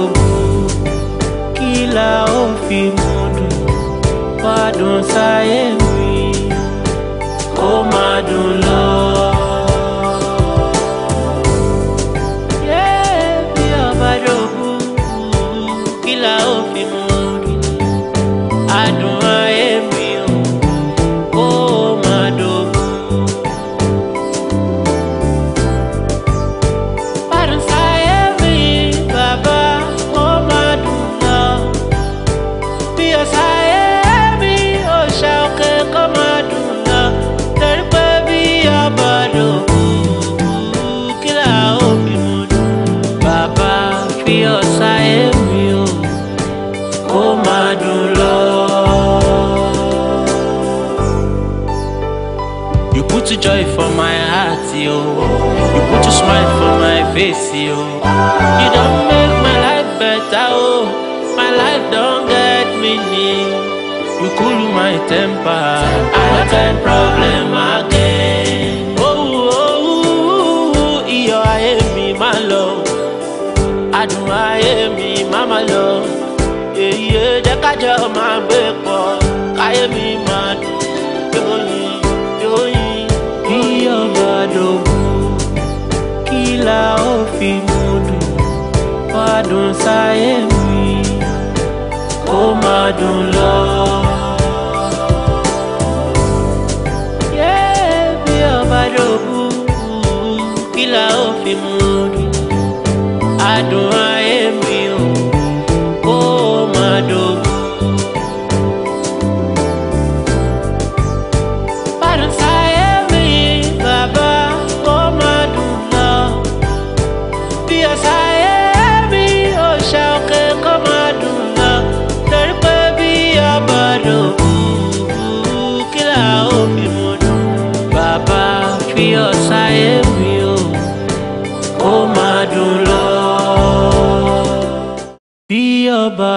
ṣòbù kí la ó fi mú dùn sáyé. face you. You don't make my life better, oh. My life don't get me near. You cool my temper. I don't get problem again. dùn sáyé mi kó máa dùn lọ. bí ọba dòbú kí la ó fi mú rí adùn á.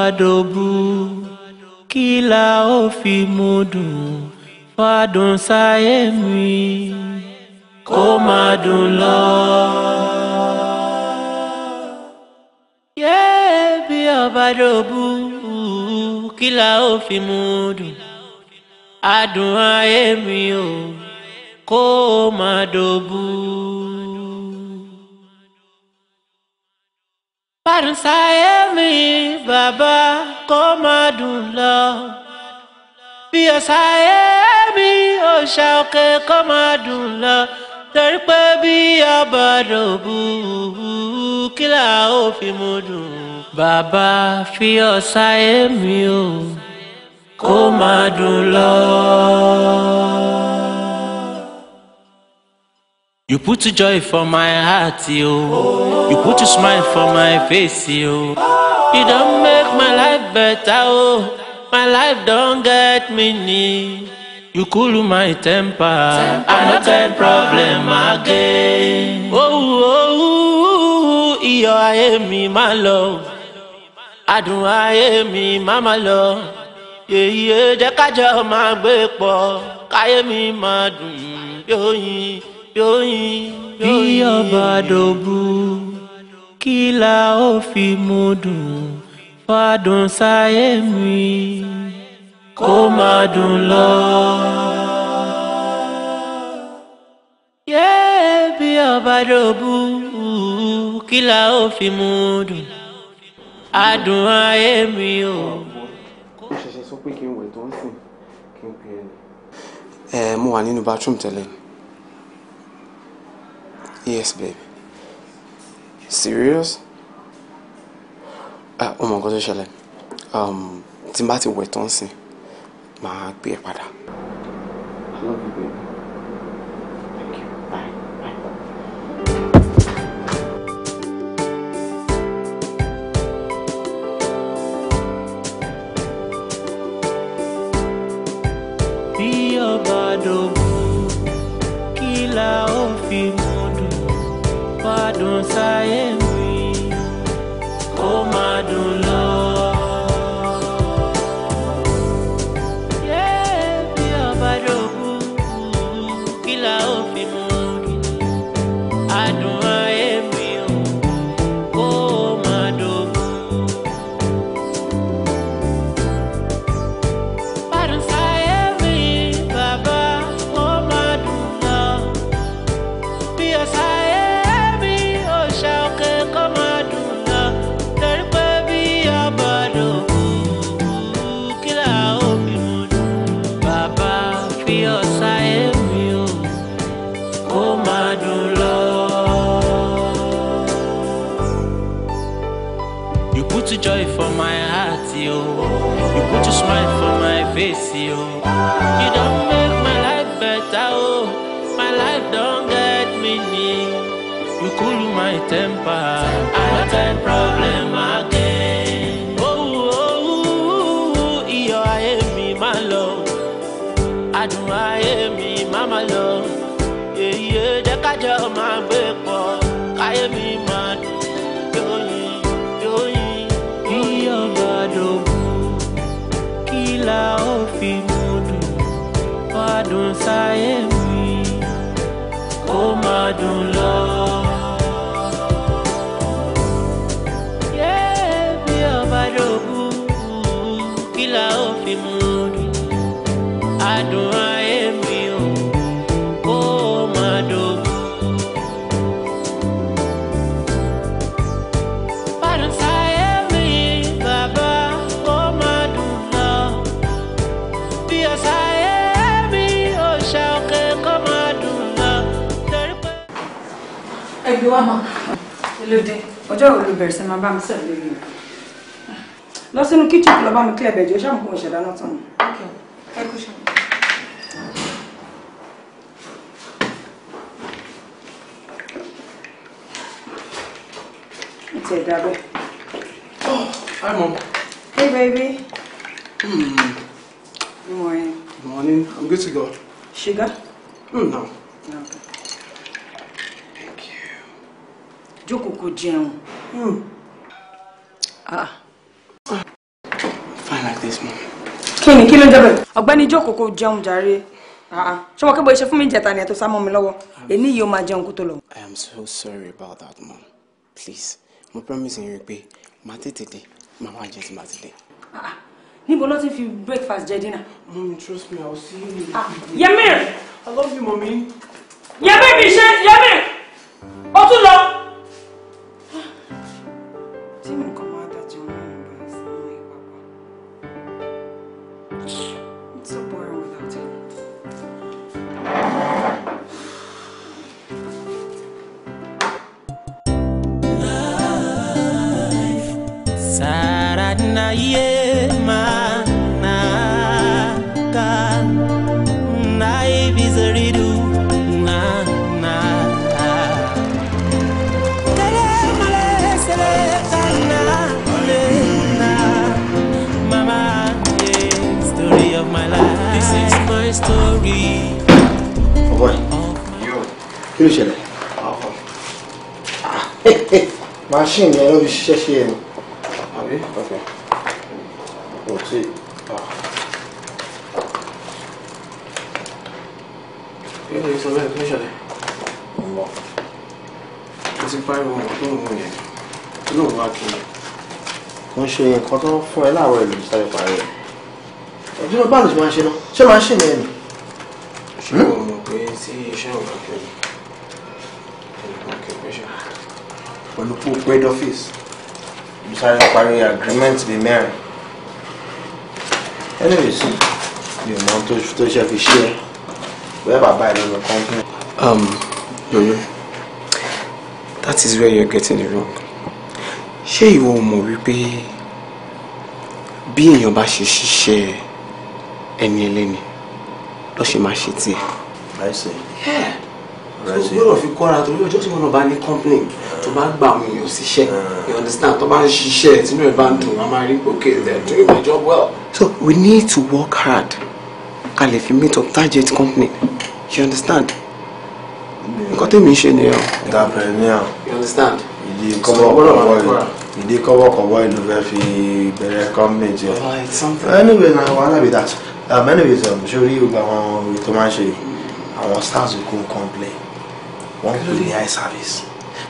fàdòbù kila ofi ó fi mú dùn fàdùn sáyé mi kó má dùn lọ. yẹ́ẹ̀bí ọ̀bàdòbù o kó má àrùnsáyé mi bàbá kó máa dùn lọ bí ọ̀sáyé mi òòṣà òkè kó máa dùn lọ torí pé bí ọba dòbú kí là ó fi mú dùn. bàbá fi ọ̀sáyé mi o kó máa dùn lọ. You put joy for my heart, yo. You put a smile for my face, yo. You don't make my life better, oh. My life don't get me near. You cool my temper. I no turn problem again. Oh, oh, oh, oh. iyọ̀ ayé mi máa lọ. Adùn ayé mi máa love. Yeah yeah, ẹ jẹ́ kájọ máa gbé pọ̀. Káyé mi máa dùn bí oyin bí ọba dòbu kí la ó fi mú dùn fàdùn sáyé mi kó má dùn lọ. bí ọba dòbu kí la ó fi mú dùn adùn ayé mi o. ẹ mo wà nínú bathroom tẹ́lẹ̀ ni. Yes, baby. Serious? Ah, oh my God, ṣẹlẹ̀. Um, tí n bá ti wẹ̀ tán sìn, màá gbé ẹ e padà. I love you, baby. Thank you. Bye. Bye. Bí ọba dògbò, kí la ó fi mú? fàdùn sáyé mi kó máa dùn. You put a joy for my heart, yo. You put a smile for my face, yo. You don't make my life better, oh. My life don't get me, meaning. You cool my temper. I got a problem again. Oh, oh, oh, oh, I am me, my love. I do, I am me, my love. Yeah, yeah, the cat, my baby, I am me, my la ó fi mú dùn wá dùn sáyé mi kó má dùn lọ. wá mọ́. elóde ọjọ́ wo ló bẹ̀rẹ̀ sí máa bá mi sẹ̀ lórí rẹ̀. lọ sínú kíchìn kí lọ bá mi kílẹ̀ bẹ̀jọ́ ṣáà mo ṣẹ̀dá náà tán. ẹ kú ṣe. It's a double. Oh, hi mom. Hey baby. Mm. Good morning. Good morning. I'm good to go. Sugar? Mm, no. jókòó kó jẹun. Hmm. Ah. fine kí ló ń jẹ bẹ́ẹ̀. ọ̀gbẹ́ni jókòó kó jẹun jàre ah, ah. ṣé wọn kí bóyá fún mi jẹta ni ẹ tó mi lọ́wọ́ èyí yìí ó máa jẹun kó tó lọ. I am so sorry about that mom please mo promise you pé màá tètè dé màá wá jẹ tí màá ti dé. níbo ló ti fi breakfast jẹ dinner. mommy trust me i will see you later. Ah, Yemir. i love you mommy. Yemir mi ṣe Yemir o ye mana ka nai e bizaridu na na kale male sele kana le na mama ye story of my life this is my story oh boy yo kí ló ṣẹlẹ̀ ah, machine yẹn ló fi ṣiṣẹ́ ṣe é ni. okay. pariwo ọmọ tó ń wọ yẹn tó lóun wá kí ni. kò ṣe nǹkan tó fún ẹ láàárọ̀ ẹ sáré parí ẹ ọdún náà ló ti máa ń ṣe náà ṣé máa ń ṣì ní ẹnu. ṣé mọ̀ pé tí iṣẹ́ ò bá pẹ̀lú parí agreement bíi mẹ́rin anyways mi ò mọ tó ṣe fi ṣe ẹ bẹ́ẹ̀ bàbá ẹ lọ́nà company. yòyó that is where you're getting it wrong ṣé ìwọ mọ̀ wípé bí èèyàn bá ṣe ṣiṣẹ́ ẹni ẹlẹ́ni ló ṣe máa ṣe tiẹ̀. gbọ́dọ̀ fi kọ́ra torí ọjọ́ tí wọ́n bá ní complain tó bá gba àwọn èèyàn síṣẹ́ ah. you understand tó bá ń ṣiṣẹ́ tínú ẹ̀ bá ń dùn wọ́n máa rí òkè they're doing my job well. so we need to work hard ká lè fi meet up target company you understand nǹkan tèmi ń ṣe nìyẹn. entrepreneur. ìdí kọ́wọ́kọ́wọ́ ìdí kọ́wọ́kọ́wọ́ ìlú fẹ́ fi bẹ̀rẹ̀ comment yẹn. anyway na wàhálà bí that um, anyway um, ṣe orí gbogbo àwọn ètò máa ń ṣe àwọn stars kò ń complain wọ́n kò ní high service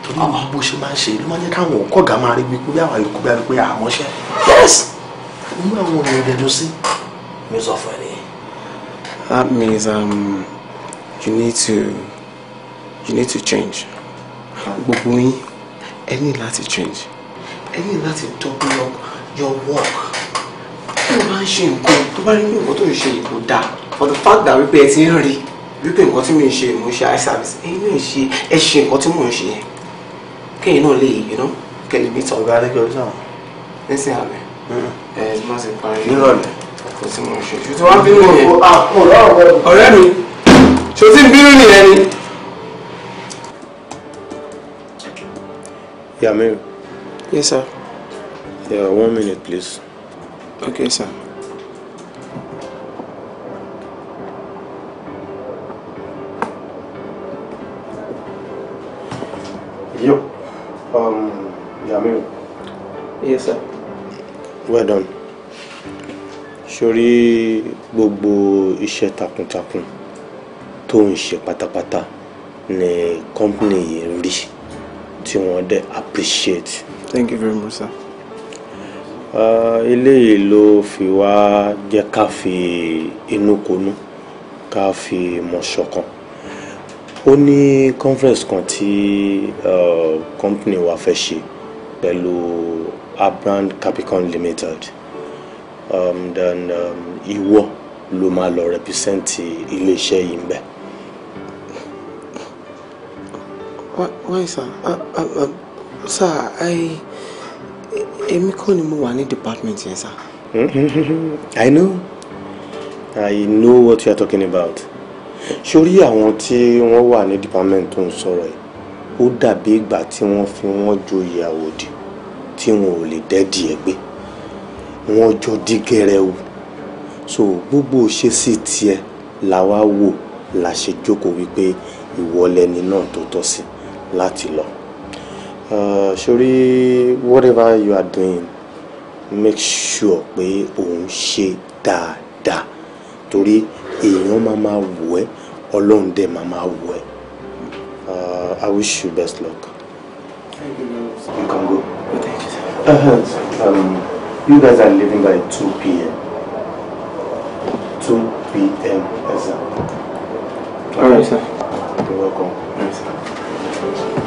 torí àwọn ah. bó ṣe máa ń ṣe ló máa ń jẹ́ káwọn kọ̀ọ̀gá máa rí gbígbó bí àwọn yòókù bí wọ́n pé àmọ́ṣẹ́ yes nínú àwọn èèyàn dẹnu sí mi sọ fún ẹ nìyẹn. that means um, you need to you need to change gbogbo yín ẹ ní láti change ẹ ní láti double up your work tó bá ń ṣe nǹkan tó bá rí pé nǹkan tó ń ṣe kò dáa for the fact that wípé ẹ ti ń rí wípé nǹkan tí mi ń ṣe mò ń ṣe eye service ẹ̀yin náà ṣe ẹ ṣe nǹkan tí mò ń ṣe yẹn kéèyàn náà lè yìí ná kẹlẹ mi tọ. ọ̀gá adékẹ́ ọjọ́ àwọn. nísìnyí àbẹ̀ mm-hmm. ẹ ẹ má ti parí. nírọ̀lẹ́. kò sí mò ń ṣe ṣùtú wá bínú yẹn. Ah, ọ̀rẹ́ mi ṣòtí bínú nìyẹn ni. Yeah, ma'am. Yes, sir. Yeah, one minute, please. Okay, sir. Yo, um, yeah, Yamil. Yes, sir. Well done. Sori Bobo iṣẹ́ takuntakun tó ń ṣe pátápátá ni kọ́mpìnì yìí rí tí wọ́n dẹ̀ appreciate. thank you very much sir. Ah, eléyìí ló fi wá jẹ́ ká fi inúkonú ká fi mọ̀ ṣọ̀kan ó ní conference kan tí uh, company wa fẹ́ ṣe pẹ̀lú abrand capricorn limited um, then um, ìwọ ló máa lọ represent iléeṣẹ́ yìí ń bẹ́ẹ̀. why sir uh, uh, uh, sir èmi kọ́ ni mo wà ní department yẹn sir. Hmm? I know I know what you are talking about sórí àwọn tí wọ́n wà ní department tó ń sọ̀rọ̀ yìí ó dàbí ìgbà tí wọ́n fi wọ́n joyè àwòdì tí wọn ò lè dẹ́dì ẹ̀ gbé wọ́n jọ dí gẹrẹwu so gbogbo ṣe sí tiẹ̀ làwa wo la ṣe joko wípé ìwọ lẹni náà tó tọ́ láti lọ eh, sórí whatever you are doing make sure pé òun ṣe dáadáa torí èèyàn máa máa wù ẹ́ ọlọ́run dẹ̀ máa máa wù ẹ́ eh, I wish you best luck. Thank you, you can go. Thank uh-huh. you, um, you guys are leaving by two p.m. Two p.m. Yes, sir. All right, sir. You're welcome. Yes, sir. Thank you.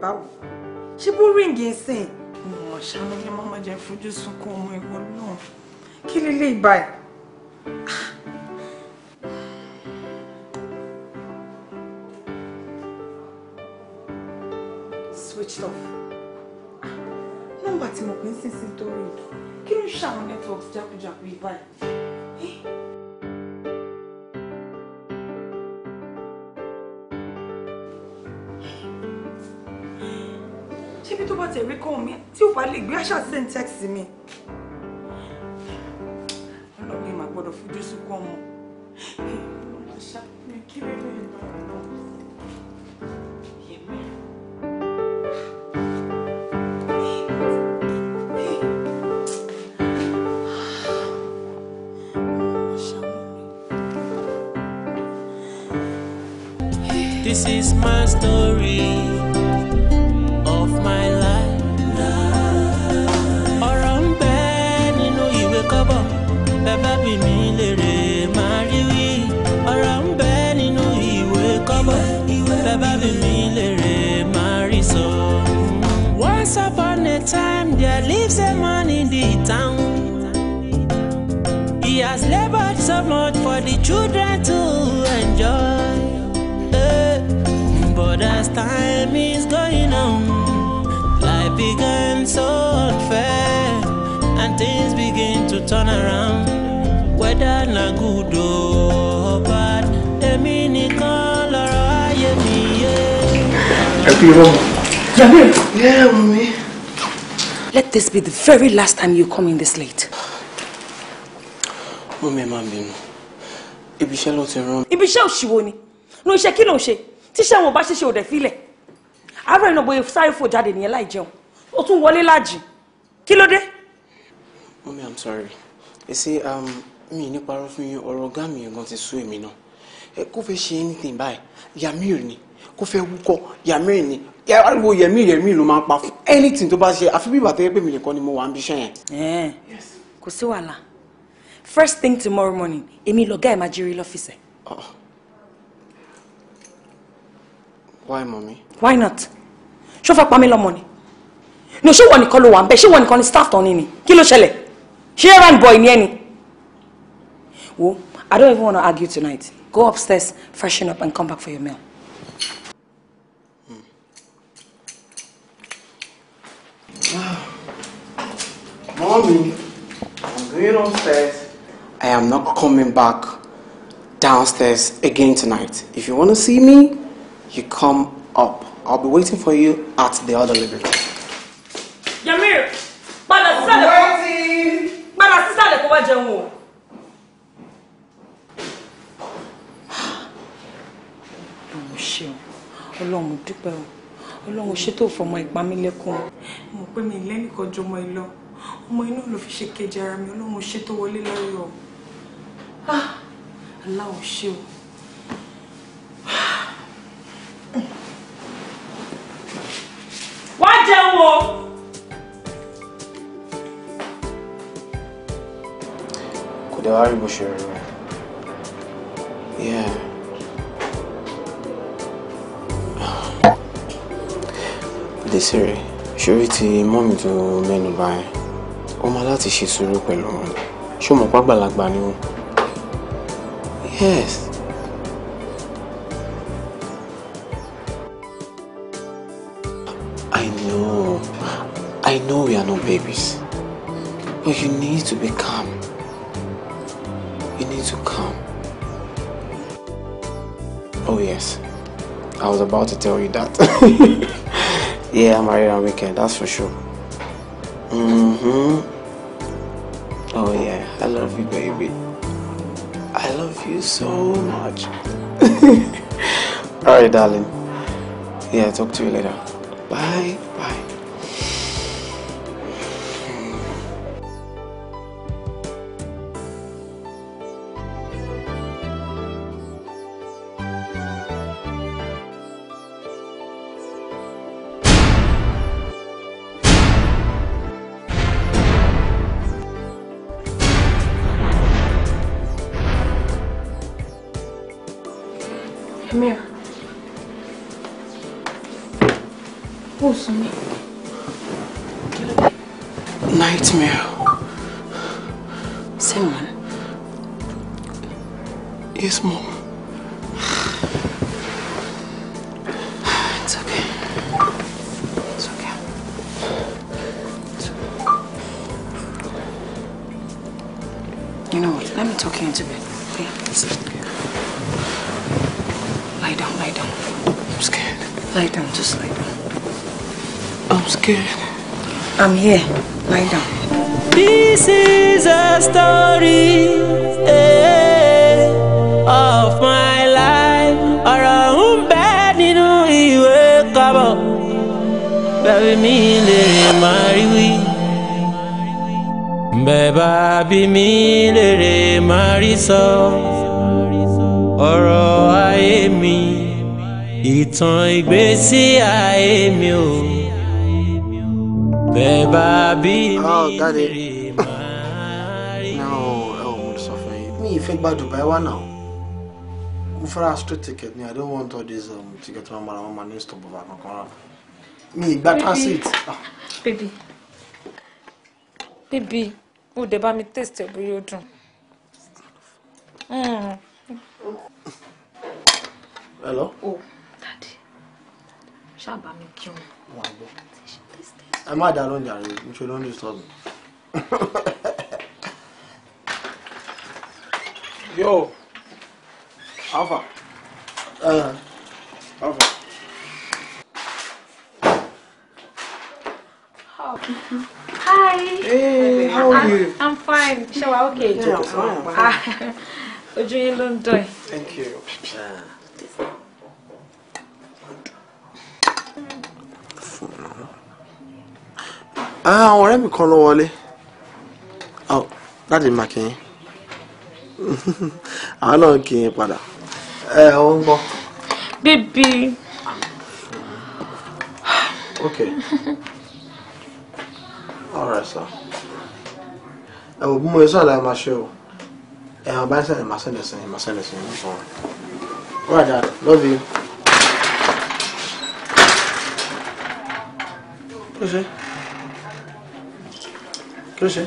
báwo ṣé bó ríǹgì ń sìn. mo ṣàánú kí mọ́mọ́ jẹ́ fojú sunkún ọmọ ìwọ náà kí lílé ibà ẹ̀. switched off nọ́mbà tí mo pín sínsìn tó rí kí ló ń ṣàwọn networks jákujàku ibà ẹ̀. Eh? tó bá tẹ̀ rí kọ́ mi tí ò bá lè gbé àṣà send text mi. ọlọ́gbìn máa gbọ́dọ̀ fojú sunkún ọmọ. This is my story. for the children to enjoy. Hey. Eh, but as time is going on, life began so unfair, and things begin to turn around. Whether na good or bad, èmi nìkan lọ̀rọ̀ ayé mi yé. Ẹ kú Yeah, mommy. Let this be the very last time you come in this late. Mommy, mommy ibi ló ti rán. ibi iṣẹ́ òṣìwò ni ní iṣẹ́ kí ló ń ṣe tíṣẹ́ wọn bá ṣe ṣe fílẹ̀ àárọ̀ iná bóyá sáré fò jáde nìyẹn láì jẹun ó tún wọlé láàjì kí ló dé. mọ́mí i'm sorry èsì um, mi ní parọ́ fún yín ọ̀rọ̀ ọ̀gá mi gan ti sú èmi náà ẹ kó fẹ́ ṣe anything báyìí yamir ni kó fẹ́ wúkọ́ yamir ni ariwo yẹmí yẹmí ló máa ń pa fún anything tó bá ṣe àfi bí bàtẹ́ pé mi nìkan ni mo wà ń bí iṣẹ́ yẹn. kò sí wàhálà first thing tomorrow morning èmi lọ̀gá my máa officer. Oh, why mommy? why not Show fẹ́ pa mí lọ́mọ ni no ṣé wọ́n nìkan one wà ń bẹ̀ ṣé wọ́n nìkan staff on ni ni kí ló ṣẹlẹ̀ ṣé boy ni ẹ ni. wo I don't even want to argue tonight go upstairs freshen up and come back for your meal. Hmm. Ah. Mommy, I'm going upstairs. I am not coming back downstairs again tonight. If you want to see me, you come up. I'll be waiting for you at the other living room. Yamir, padà sísàlẹ̀ kó padà sísàlẹ̀ kó wá jẹun o. Ọlọ́run ṣeun, Ọlọ́run dúpẹ́ o, Ọlọ́run ṣètò fọmọ ìpamílẹ́kùn. Mo pè mí lẹ́nìkan jọmọ ìlọ, ọmọ inú ló fi ṣe kejì ara mi, Ọlọ́run ṣètò wọlé láyọ̀ aláwọ̀ ṣe o. wá jẹun o. kò dé wá rí bó ṣe rí rẹ. Desire, ṣorí ti mọ́mì tó mẹ́nu báyẹn, ó máa láti ṣe sùúrù pẹ̀lú wọn. Ṣé o mọ̀ pàgbàlagbà ni wọn? Yes. I know. I know we are not babies. But you need to be calm. You need to calm. Oh, yes. I was about to tell you that. yeah, I'm married on weekend, that's for sure. Mm-hmm. Oh, yeah. I love you, baby. love you so much. All right, darling. Yeah, talk to you later. Bye. I'm here. Lie down. This is a story eh, of my life. Ọ̀rọ̀ ń bẹ nínú ìwé kábọ̀. Bẹ́ẹ̀ mi lè máa rí wí. Bẹ́ẹ̀bá bí mi lè rè máa rí sọ. Ọ̀rọ̀ ayé mi, ìtàn ìgbésí o bẹ́ẹ̀ bá bí mi rè oh, máa rí. náà ẹ ò mú sọ fún yín mi ìfẹ́ gba straight ticket Me, I don't want all this um, ticket wọn mara wọn ma ní stop over kankan Me, back ìgbà transit. Ah. baby baby o dé bá mi taste ẹ bóyá ó dùn. Hmm. hello. o oh, dadi ṣáà bá mi kí wọn ẹ má dá lóúnjẹ àrẹ ń ṣe lóúnjẹ sọ́ọ̀bù. yo Alpha. Uh. Alpha. Oh. Hi. Hey, how are you? I'm, fine. Ṣé wàá okay? Yeah, I'm fine. Ah, ojú yín ló ń Thank you. Uh. Ah, àwọn ọ̀rẹ́ mi kan ló wọlé láti oh, máa kí yín àwọn náà kí yín padà ẹ ò ń gbọ́. bébí. okay alright sir ẹ wò bí mo sọ àlàyé máa ṣe o ẹ wọn bá ń sẹ́yìn máa sẹ́yìn sẹ́yìn máa sẹ́yìn sẹ́yìn nǹkan wọn. alright dad love you. é kí ló ṣe.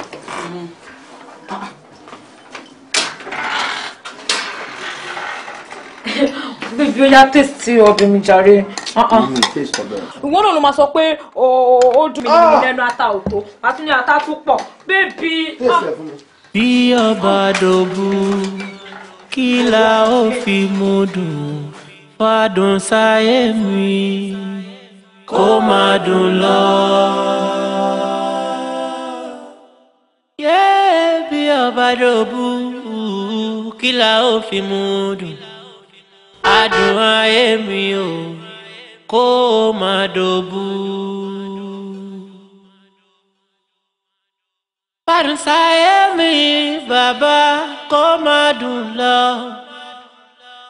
bíbí ó yá tèsí ọbẹ̀ mi jàre. Ah, ah. ìwọ náà ló máa sọ pé ó dùn mí nínú ah! lẹ́nu ata òtó àti ní ata tó pọ̀ bébí. bí ọba dòbu kí la ó fi mú dùn fàdùn sáyé mi kó má dùn lọ yé bí ọba dòbú kí la ó fi mú dùn adùn ayé mi ò kó o má dòbú. Fàrùsáyé mi bàbá kó má dùn lọ.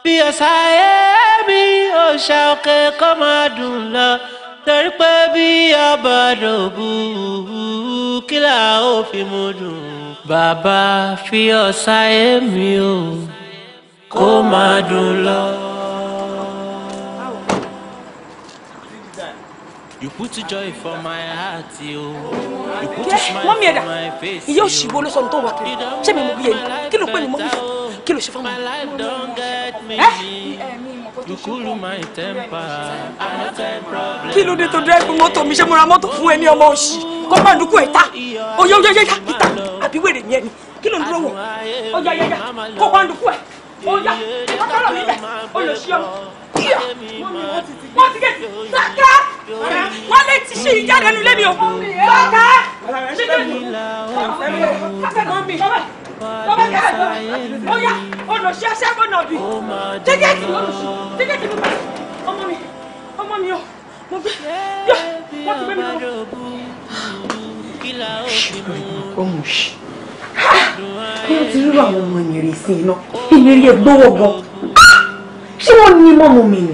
Bí ọ̀sáyé mi òòṣà òkè kó má dùn lọ torí bí abàdòbù kí là fi mú dùn. bàbá fi ọ̀sà èmi o kó máa dùn lọ. You put joy for my heart, you. You put yeah, smile mami for my face, you. Ìyá òṣìwò ló sọ ohun tó wà kiri. Ṣé mi mú bí yẹn? Kí ló pè ní mọ́mí? Kí ló ṣe fún mi? My life You cool my temper. I no time problem. Kí ló dé tó dẹ́gbẹ́ mọ́tò mi ṣé mo ra mọ́tò fún ẹni ọmọ òṣì? Kó máa dúkú ẹ̀ ta. Oyè oyè yẹ́yà ìta àbí wèrè ni ẹni. Kí ló ń dúró wọ̀? Oyè yẹ́yà kó máa dúkú ẹ̀. Oyà ìtọ́kọ́rọ̀ mi bẹ̀. Olùsí ọmọ. Kíyà wọ́n ti gẹ̀ẹ́sì. Sọ́kà wọ́n lè ti ṣe ìjáde nulẹ̀ mi o. Sọ́kà ṣíkẹ́ mi. Sọ́kà mi lọ́bẹ̀ kẹ́rẹ̀ lọ́bẹ̀ ó yá olùsí aṣẹ́gun náà bì tíkẹ́ẹ̀tì olùsí tíkẹ́ẹ̀tì ló bá ọmọ mi ọmọ mi o mo gbé yọ wọ́n ti gbé mi lọ. ohun ṣì kí wọ́n ti rírọ àwọn ọmọ ìrìn sí iná ìrìn ẹgbẹ́ wọ́gọ́ ṣé wọ́n ní mọ́mọ́ mi ni.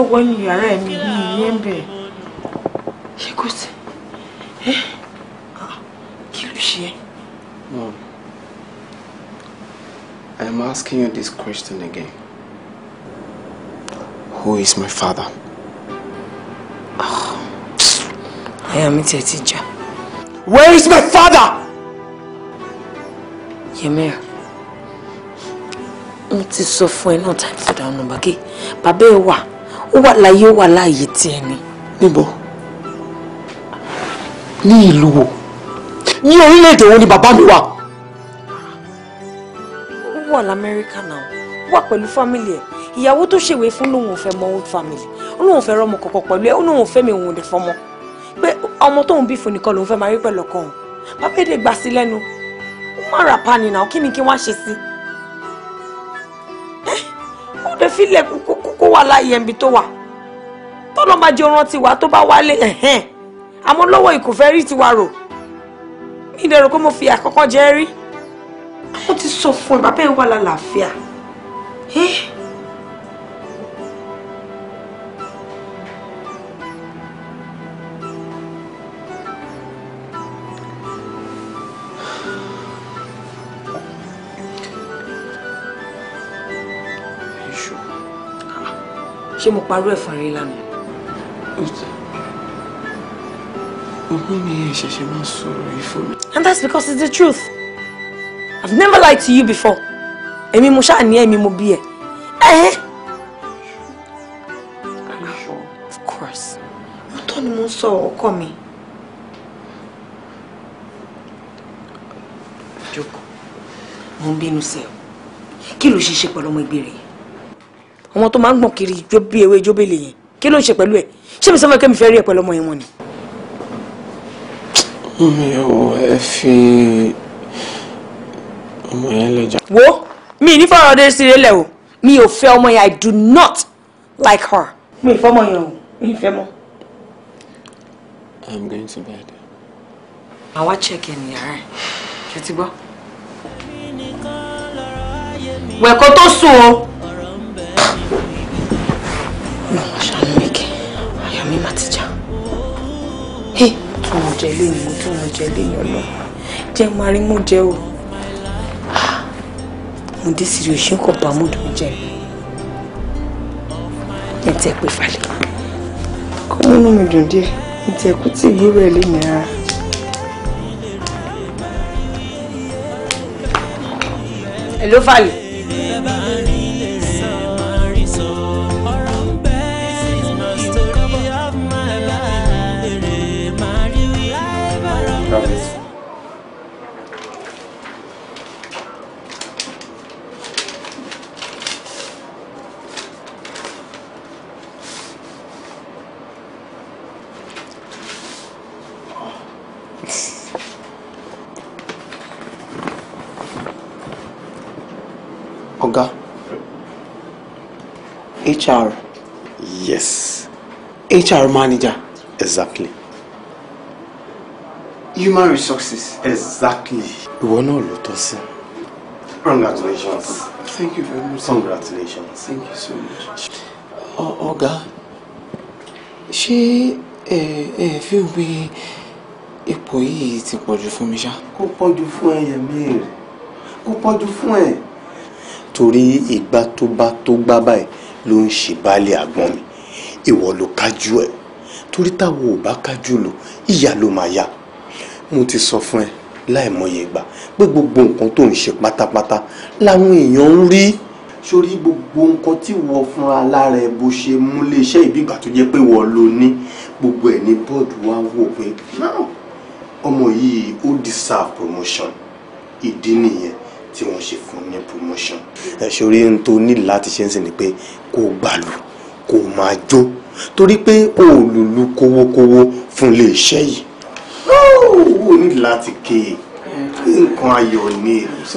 ló wọ́ ní yàrá ẹ̀mí ní ìyé ń bẹ̀. ṣé kò sí kí ló ṣe é. Mom, I am asking you this question again. Who is my father? Ah, Ẹ̀yà mi tiẹ̀ ti jà. Where is my father? Yemira, mo ti sọ fún ẹ náà times down number kí bàbá ẹ wà ó wà láyé ó wà láàyè tiẹ̀ ni. níbo ní ìlú wo ní orílẹ̀-èdè wo ni bàbá mi wà. ó wà lamẹ́ríkà náà wà pẹ̀lú fámìlì ẹ̀ ìyàwó tó ṣèwé fún lòun ò fẹ́ mọ old family ó lòun fẹ́ rọmọ kọ̀ọ̀kan pẹ̀lú ẹ̀ ó lòun ò fẹ́ mi òun ò dẹ̀ fọmọ pé ọmọ tóun bí fún nìkan lòun fẹ́ máa rí pẹ̀lú ọkọ òun bàbá èdè gbà sí lẹ́nu ó má ra pani náà kí ni kí wọ́n ṣe sí ó dẹ̀ fi ilẹ̀ kúkú kó wà láàyè ẹ̀mí tó wà tọ́nà bá jẹ́ rántí wa tó bá wálé ẹ̀hẹ́n àmọ́ lọ́wọ́ ìkòfẹ́ rí tiwa rò mí ìdẹ̀rù kó mo fi àkọ́kọ́ jẹ́ rí àwọn ti sọ fún ẹ bàbá ẹ wà lálàáfíà ẹ́. ṣé mo parú ẹ̀fọn rí lánàá. Mọ̀mí mi ṣẹ̀ṣẹ̀ máa sọ̀rọ̀ yìí fún mi. And that's because it's the truth. I've never lied to you before. Èmi mo ṣáà ní èmi mo bí ẹ. Of course. Wọ́n tọ́ ni mo ń sọ ọkọ mi. Jókòó, mo ń bínú sí ẹ. Kí ló ṣe ṣe pẹ̀lú ọmọ ìgbé yìí? ọmọ tó máa ń gbọ̀n kiri jó bí ewé jó bèlè yẹn kí ló ń ṣe pẹ̀lú ẹ̀ ṣé mi sọ fún ẹ kẹ́mi fẹ́ rí ẹ pẹ̀lú ọmọ yẹn wọn ni. mi ò ẹ fi ọmọ yẹn lẹ́jà. wo mi ní fọ̀rọ̀ ọdẹ sí ilé o mi ò fẹ́ ọmọ yẹn i do not like her. mi ì fọmọ yẹn o mi ì fẹ́ mọ́. i'm going to bed. àwa check in yàrá ẹ̀ ṣe ti gbọ́. wẹ̀kọ́ tó sùn o. jẹ léyìn mo tún mo jẹ léyìn ọlọ jẹ máa rí mo jẹ o mo dé sí rí oṣù kan bá mo dùn jẹ ẹ tẹ pé falẹ kó múnú mi dùn díẹ̀ ìtẹkù tí ìgbúrò ẹ lè nira. Hello, Vale. HR. Yes. HR manager. Exactly. Human resources. Exactly. Ìwọ náà ló tọ́ sí. Congratulations. Thank you very much. Congratulations. Thank you so much. Ọ̀gá, ṣé ẹ ẹ fi ń gbé ipò yìí ti pọ̀jù fún mi ṣá? Kó pọ̀jù fún ẹyẹ mẹ́rin. Kó pọ̀jù fún ẹ. Torí ìgbà tó bá tó gbá báyìí ló ń ṣe baálé àgbọn mi ìwọ ló kájú ẹ torí táwo ò bá kájú lò ìyá ló máa yá mo ti sọ fún ẹ láìmọye ìgbà pé gbogbo nǹkan tó ń ṣe pátápátá làwọn èèyàn ń rí sórí gbogbo nǹkan tí wọ́n fúnra lára ẹ bó ṣe mú léṣẹ́ ìbígbà tó jẹ́ pé wọ́n ló ní gbogbo ẹ̀ ní bọ́ọ̀dù wa wò pé ọmọ yìí ó deserve promotion ìdí nìyẹn tí wọ́n ṣe fún ní promotion. ẹ ṣorí ohun tó ní láti ṣe ń sìn ni pé kó gbàlù kó máa jó torí pé òòlùlù kówókówó fún iléeṣẹ́ yìí ó ní láti ké nǹkan ayọ̀ ni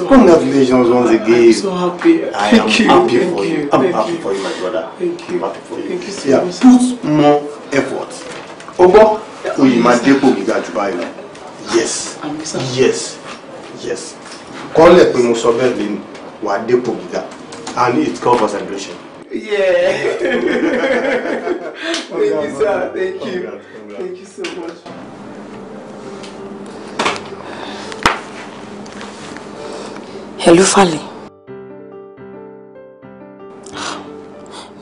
congratulations once again I'm so happy. I am thank you, happy for you, you. I'm happy for you my brother thank you. I'm happy for you, thank you so yeah, much. put more effort ọgbọ́n oyè máa dépò gíga jù báyìí lọ yes yes yes kọ́lẹ̀ pé mo sọ bẹ́ẹ̀ lẹ́nu wàá dépò gíga and it's called for celebration. Hello, Fale.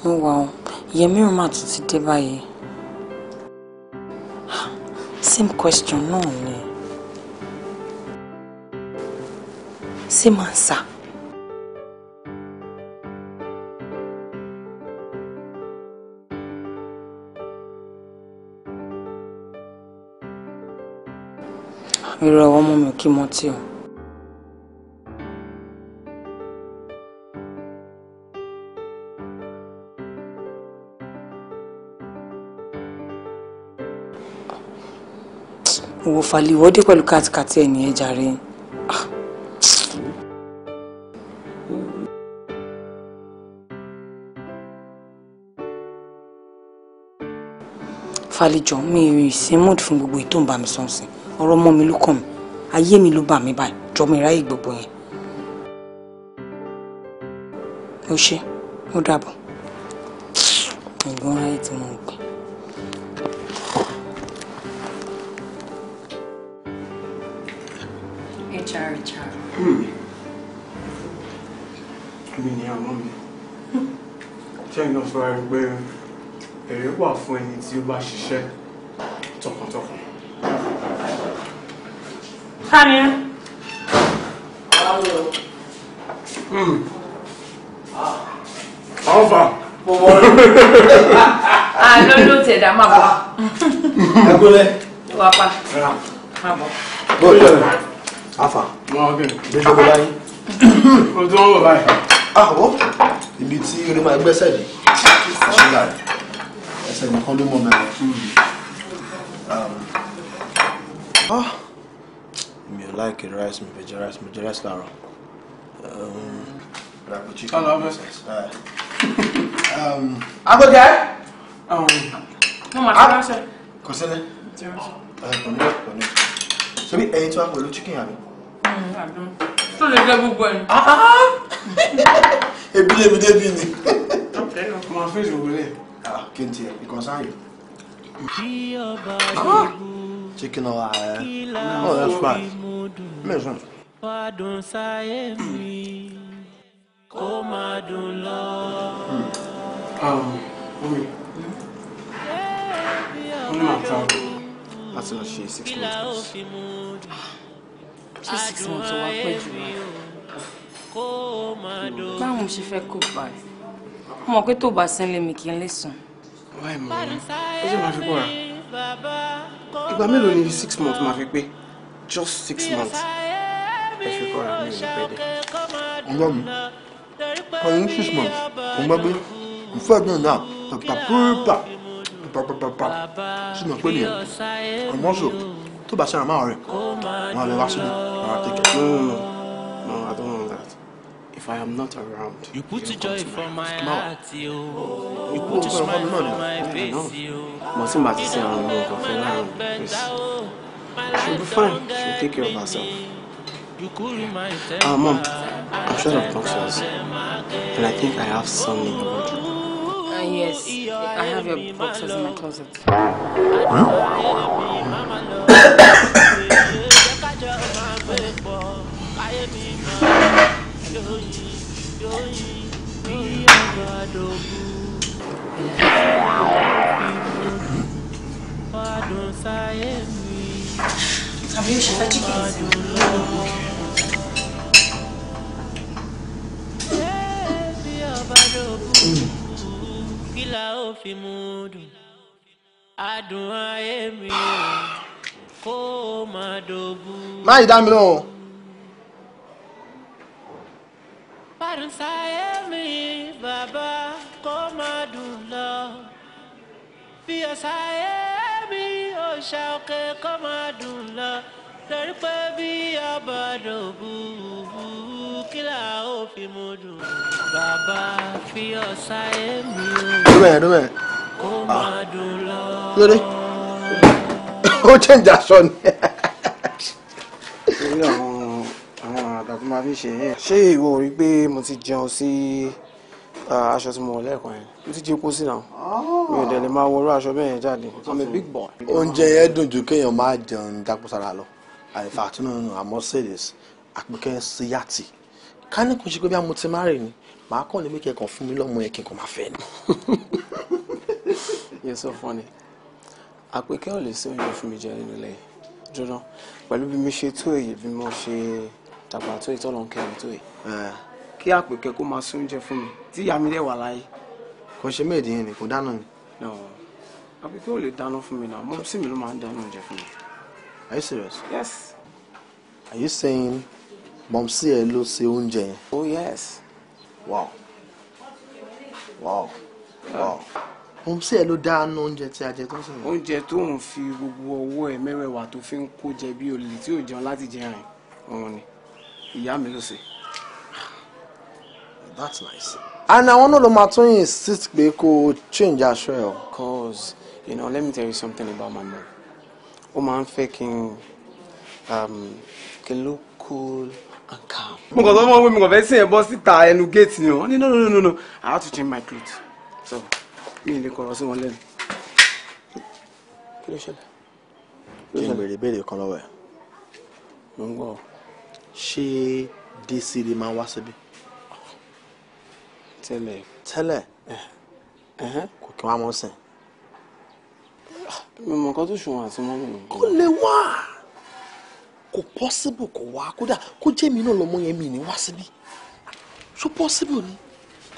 Mo wà o, Yẹmí ò mà tún ti dé báyìí. Same question náà ni. No, sì máa ń sá. irọ́ ọmọ mi ò kí mọ́ tí o. òwò fàlìwọ́dé pẹ̀lú kàtìkàtì ẹ̀ nìyẹn jàre. falẹjọ mi ì sí mood fún gbogbo ètò ń bá mi sọǹsìn ọ̀rọ̀ ọmọ mi ló kàn mí ayé mi ló bà mí báyìí jọ mi ráyè gbogbo yẹn. ó ṣe ó dàbọ̀ ẹ̀gbọ́n ráyè tí mo ń gbìn. ẹ ni àwọn mi ṣé ìnáwó sọ ara rẹ pé èrè wà fún ẹni tí ó bá ṣiṣẹ́ tọkàntọkàn. Tani. Àwọn fa. Mo wọ ọ́. ló tẹ̀ dá máa bọ̀. Ah. Ẹ Wà pa. Máa bọ̀. Bọ́ọ̀lù ọ̀rẹ́. Afa. Wọ́n á bẹ̀rẹ̀. Bí ṣe kó báyìí. wọ̀ báyìí. Àwọ̀ ah, ibi tí onímọ̀ ẹgbẹ́ sẹ́yìn. Ṣé láì ẹsẹ̀ nǹkan ló mọ̀ mẹ́rin. Um, ah, mi ò láìkè rice mi fẹ́ jẹ rice mi jẹ rice láàárọ̀. agbẹ́gẹ́. mo máa ti ránṣẹ́. kò sílẹ̀. Eh, kò ní kò ní. sórí ẹyin tí wàá pẹ̀lú chicken àbí. Mm, tó lè jẹ gbogbo Ah. ah, ah. ebi lèmi débi ni. ọ̀pẹ̀ náà. mo máa fi ìṣòro lẹ̀ kí n tiẹ̀ because ah! Ah! chicken or ayé eh? oh that's fine make sense. fàdùn sáyé mi kó má dùn lọ. láti lọ ṣe six months. ṣé six months wá pẹ́ jù lọ. báwo ṣe fẹ́ kó báyìí mo mọ̀ pé tó bá sínlé mi kì í lè sùn. wáì mo ní ó sì máa fi kóra ìgbà mélòó ni six months máa fi pé just six months ẹ fi kóra mi ò ní pẹ́ dé. ǹgbọ́n mi kọrin six months kò ń gbàgbé ìfẹ́ náà náà pàpà púrúpà pàpàpàpà sí mọ̀ pé nìyẹn ọ̀nà ọ̀ṣọ́ tó bá sára máa rẹ̀ wọ́n á lọ wá síbi àwọn àtẹ̀kẹ́. no no no no i don't know if I am not around. You put you joy from my heart, you. You put a smile my face, you. Must him to say I'm not going to around. She'll be fine. She'll take care of herself. Ah, Mom, I'm short of functions, and I think I have some in the wardrobe. Uh, yes, I have your boxes in my closet. Sabiyo ṣe fẹ́ chicken sí kí la ó dá mi lóhùn. gbádùn sáyé mi bàbá kó má dùn lọ fi ọ̀sáyé mi òòṣà òkè kó má dùn lọ torí pé bí ọbọdọ̀ búburú kí là ó fi mú dùn bàbá fi ọ̀sáyé mi òòṣà kó má ah. dùn lọ. ó change aṣọ ni àga tó máa fi ṣe yẹn. ṣé ìwọ rí pé mo ti jẹun sí aṣọ tí mo wọ̀ lẹ́ẹ̀kan yẹn mo ti jẹ epo sí náà mi ò dẹ̀ lè máa wọrú aṣọ bẹ́ẹ̀ yẹn jáde. I'm a big boy. oúnjẹ yẹn dùn ju kéèyàn máa jẹun dápò sára lọ àìfà àtúnú àmọ́ sèlèsì àpèkẹ́ síyàtì ká ní ṣe pé bí a ti máa rè ni màá kàn ní mí kẹkàn fún mi lọ́mọ yẹn kí n kàn máa fẹ́ ni. yẹ sọ fún ni àpèkẹ́ ò lè sí oúnjẹ fún mi jẹ nínú ilẹ̀ jọ̀dọ̀ pẹ̀lú bí mi ṣe tó èyí bí mo ṣe dàgbà tó ìtọ́ lọ ń tó yìí. kí àpèkẹ́ kó máa sún oúnjẹ fún mi tí ìyá mi dẹ̀ wà láyé. kò ṣe méjì yẹn ni kò dáná ni. àbí kí o lè dáná fún mi náà mo sì mi ló máa ń dáná oúnjẹ fún mi. are you serious. yes. are you saying mọ̀mísí ẹ ló ṣe oúnjẹ yẹn. oh yes. wow wow ah. wow. Uh, òun sì ẹ ló dá ná oúnjẹ tí a jẹ tó ń sìn. oúnjẹ tó ń fi gbogbo ọwọ́ ẹ̀ mẹ́wẹ̀ẹ̀wá tó fi ń kó jẹ bí olè tí ò jẹun láti jẹrin òun ni ìyá mi ló ṣe that's nice. and àwọn náà ló máa tún insist pé kó change aṣọ ẹ o. cause you know let me tell you something about my mom ó máa ń fẹ́ kí n um, kí n look cool and calm. mo kàn sọ fún ọ pé mo kàn fẹ́ sìn ẹ bọ́ síta ẹnu gate ni wọ́n ní no no no no I have to change my clothes so mi ì lè kọ̀rọ̀ sí wọn lẹ́nu. kí ló ṣẹlẹ̀. kí n béèrè ìbéèrè kan lọ́wọ́ ẹ̀. mo ń gbọ́ ṣé desire máa wá síbí. tẹ́lẹ̀. tẹ́lẹ̀ kò kí wọ́n á mọ̀ sìn. mi mọ̀ nǹkan tó ṣùwọ̀n àti mọ́mí mi. kò lè wá kò pọ́síbù kò wá kódà kó jẹ́ mi náà lọ́mọ yẹn mi ní wá síbí ṣó pọ́síbù ni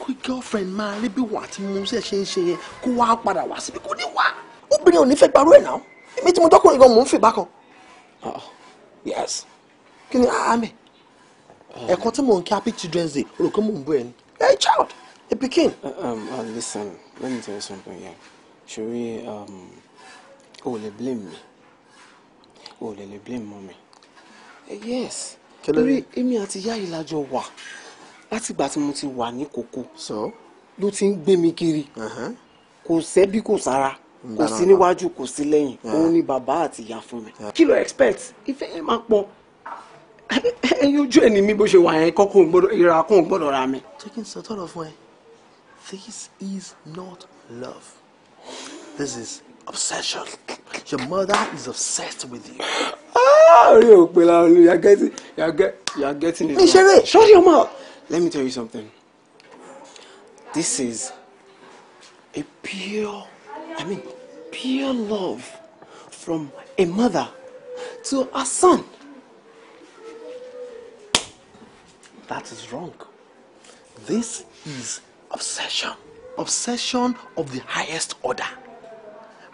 kó girlfriend máa rí bí wọ́n àti mo ṣe ṣe ń ṣe yẹn kó wá padà wá síbí kó ní wá obìnrin ò ní fẹ́ gbarú ẹ̀ náà èmi tí mo dọ́kùnrin gan mò ń fìbá kan. Ah. yes kí ni àmì ah, ẹ̀kan tí mò ń kí happy children's day o rò pé mò ń bọ̀ ẹ̀ ni you child a pikin. Uh, um, uh, listen let me tell you something here ṣori um, o lè blame me o lè lè blame mommy eh, yes lórí èmi àti ìyá yìí lájọ wà látìgbà tí mo ti wà ní kókó ló ti ń gbé mi kiri uh-huh. kò sẹ́bí kò sára mm, kò sí níwájú kò sí lẹ́yìn òun ni bàbá àti ìyá fún mi kí ló expect ìfẹ́ yẹn máa pọ̀ ẹyin ojú ẹ ní mi bó ṣe wà yẹn kọ́kọ́ gbọ́dọ̀ ìra kún gbọ́dọ̀ ra mi. jẹ́ kí n fún ẹ this is not love this is obsession your mother is obsessed with you. Ah, orí òpè la olú yà gẹ́tì yà gẹ́ yà gẹ́tì nìyẹn. ìṣeré shut your mouth. let me tell you something this is a pure i mean pure love from a mother to her son. That is wrong. This is obsession. Obsession of the highest order.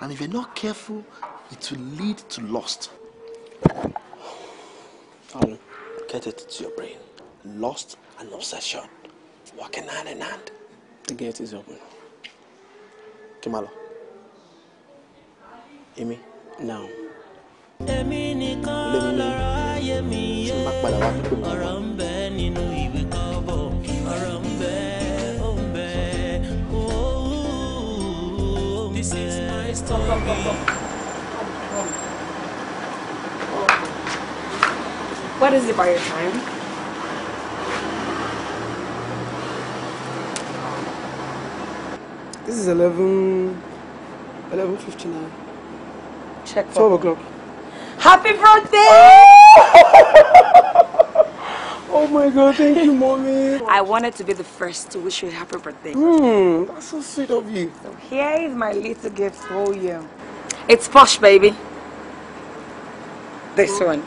And if you're not careful, it will lead to lust. I'll get it to your brain. Lust and obsession. Working hand in hand. The gate is open. Kimalo. Emi, now. Èmi nìkan lọ́rọ̀ ayé mi yé ọ̀rọ̀ mi. Come, What is it by your time? This is 11, 11.59. Check. 12 o'clock. Happy birthday! Oh my God, thank you, mommy. I wanted to be the first to wish you a happy birthday. Hmm, that's so sweet of you. So here is my little gift for you. It's posh, baby. This hmm. one.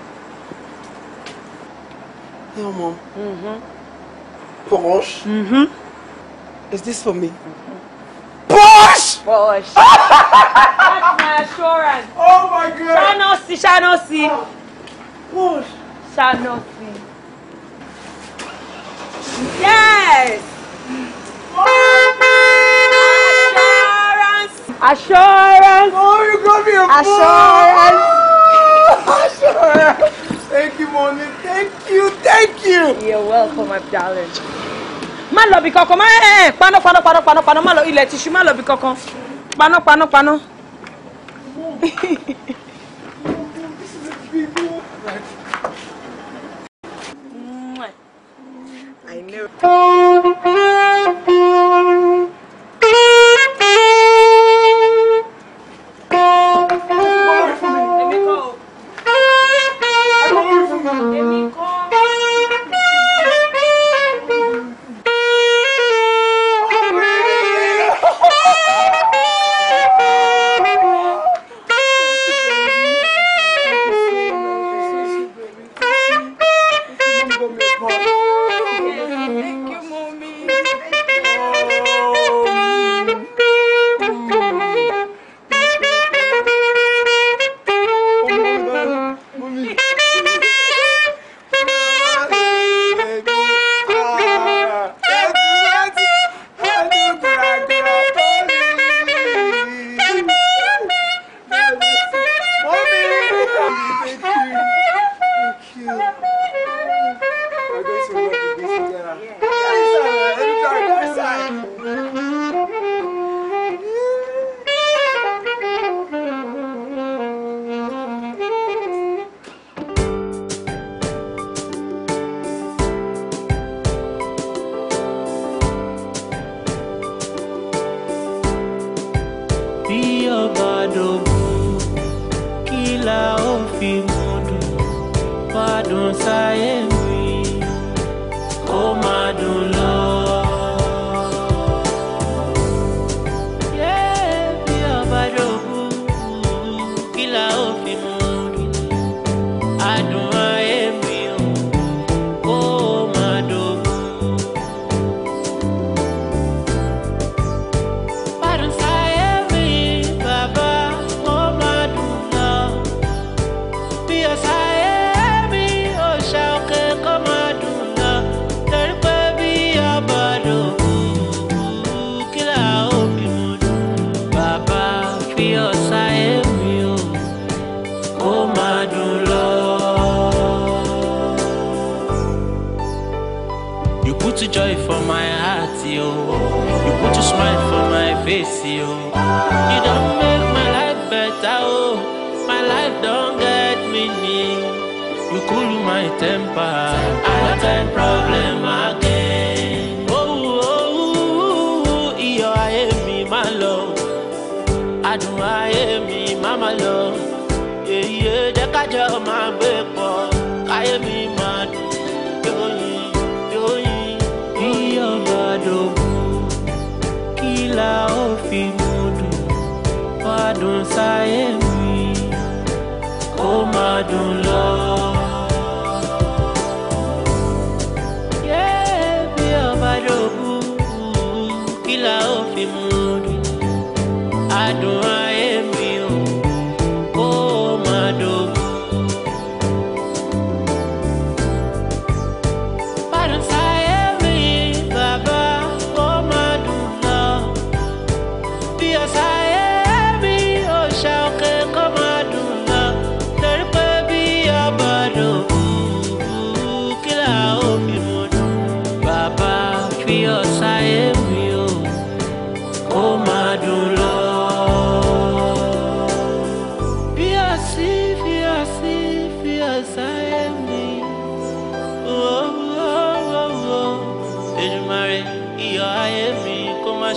No, mom. Mm-hmm. Posh? Mm-hmm. Is this for me? Mm-hmm. Posh! Posh. that's my assurance. Oh my God. Shall not see, shall not see. Ah. Posh. Shall not see. Yes. Assurance. Assurance. Oh, you got me a Assurance. Assurance. Thank you, money. Thank you. Thank you. You're welcome, my darling. Má lọ bí kankan, má ẹ̀ eh, eh, pano, pano, pano. paná paná, má lọ ilẹ̀ tìṣú, má lọ bí kankan. Paná paná paná. entendeu?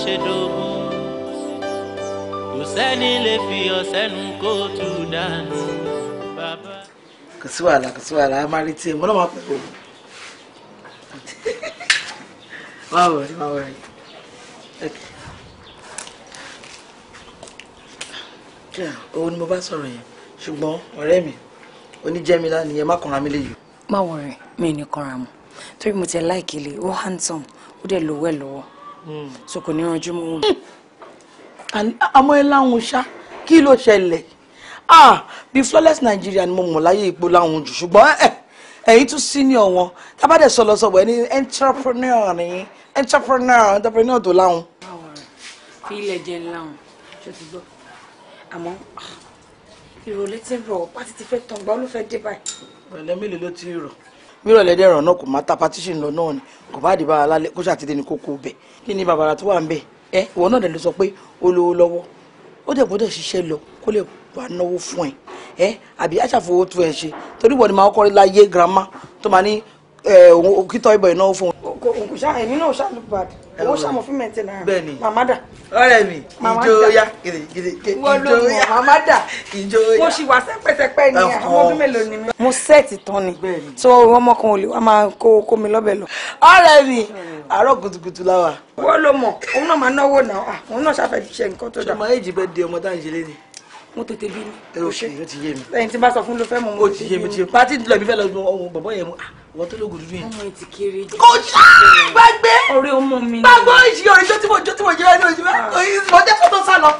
ṣe dogo kò sẹ́ni lè fi ọ̀sẹ́nu kó tú dànù bàbá. kò sí wàhálà kò sí wàhálà a máa rí tí èèmọ́ náà máa pẹ̀lú òun. máa wọ̀ máa wọ̀ ẹ̀. òun ni mo bá sọ̀rọ̀ yẹn ṣùgbọ́n ọ̀rẹ́ mi oníjẹ́mílá nìyẹn má kanra mi léyìí. má wọrẹ mi ní kanra mọ torí mo ti láìkí lè ó handsome ó dẹ̀ lówẹ́ lọ́wọ́ hmm. so kò ní ranjú mọ́ wọn. àmọ́ ẹ láwọn ṣá kí ló ṣẹlẹ̀ ah bí flawless Nigeria ni mo mọ̀ láyé ipò láwọn jù ṣùgbọ́n ẹ̀ eh, ẹ̀yin tún senior wọn tábàdẹ̀ sọ lọ ẹni entrepreneur ni entrepreneur entrepreneur tó láwọn. báwo rẹ̀ fi ilẹ̀ jẹ́ láwọn ṣe ti gbọ́ àmọ́ ah, ìrọ̀lẹ́ ti ń rọ̀ pátì ti fẹ́ tàn gbá ló fẹ́ dé báyìí. ìrọ̀lẹ́ mélòó ló ti rọ̀ mírọ̀lẹ́ dẹ̀rọ̀ náà kò má ta partition lọ náà ni kò bá dìbò alálẹ́ kó ṣàtìdé ni kókó bẹ̀ kí ni bàbàrà tó wà ń bẹ̀ ẹ ìwọ náà dẹ̀ ló sọ pé ó lówó lọ́wọ́ ó dẹ̀ gbọ́dọ̀ ṣiṣẹ́ lọ kó lè wà náwó fún ẹ ẹ àbí aṣàfowó tó ẹ ṣe torí wọ́n òkùnṣà èmi náà ṣáà look bad owó ṣàmọ fún mẹtẹlẹ ara bẹ́ẹ̀ni màmá dà. ọ̀rẹ́ mi ìjọya gidigidi ìjọya mo sẹ́ẹ̀tì tán ni tí ọmọ kan ò lè wá máa kó kó mi lọ́bẹ̀ lọ. ọ̀rẹ́ mi àárọ̀ kùtùkùtù la wà. wọ́n ló mọ̀ òun náà máa náwó náà òun náà ṣàfẹ́ ṣe nǹkan tó dà. ṣé máa èjì bẹ́ẹ̀ di ọmọ táà ń ṣe lé ni mo tètè bí ni. o ṣe o ti yé mi. ẹni tí n bá sọ fún ló fẹ́ mọ mo ti yé mi ti yé mi pati lọ mi fẹ́ lọ gbọ ọmọ bàbá yẹn mo àwọn ah, tó lóògùn dúdú yẹn. ọmọ ètì kiri jẹ. kò sá ah, gbàgbé. ọ̀rẹ́ ọmọ mi ni. gbàgbé ìṣe ọ̀rẹ́ jó tí mo jó tí mo jẹ ẹni oṣù mọ jẹ fọtọ sá lọ.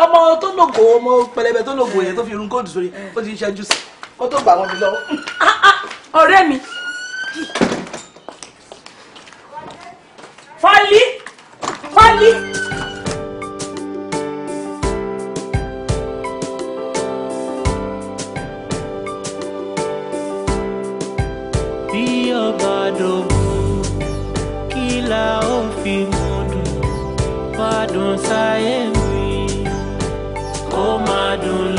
ọmọ tó lògò ọmọ pẹlẹbẹ tó lògò yẹn tó fi irun kóòdù sórí ó ti ń ṣẹ́jú sí kó tó gbà wọn bí lọ́wọ́. Ah, ọ̀rẹ́ mi. fali fali. dòbò kí la ó fi mú dùn wá dùn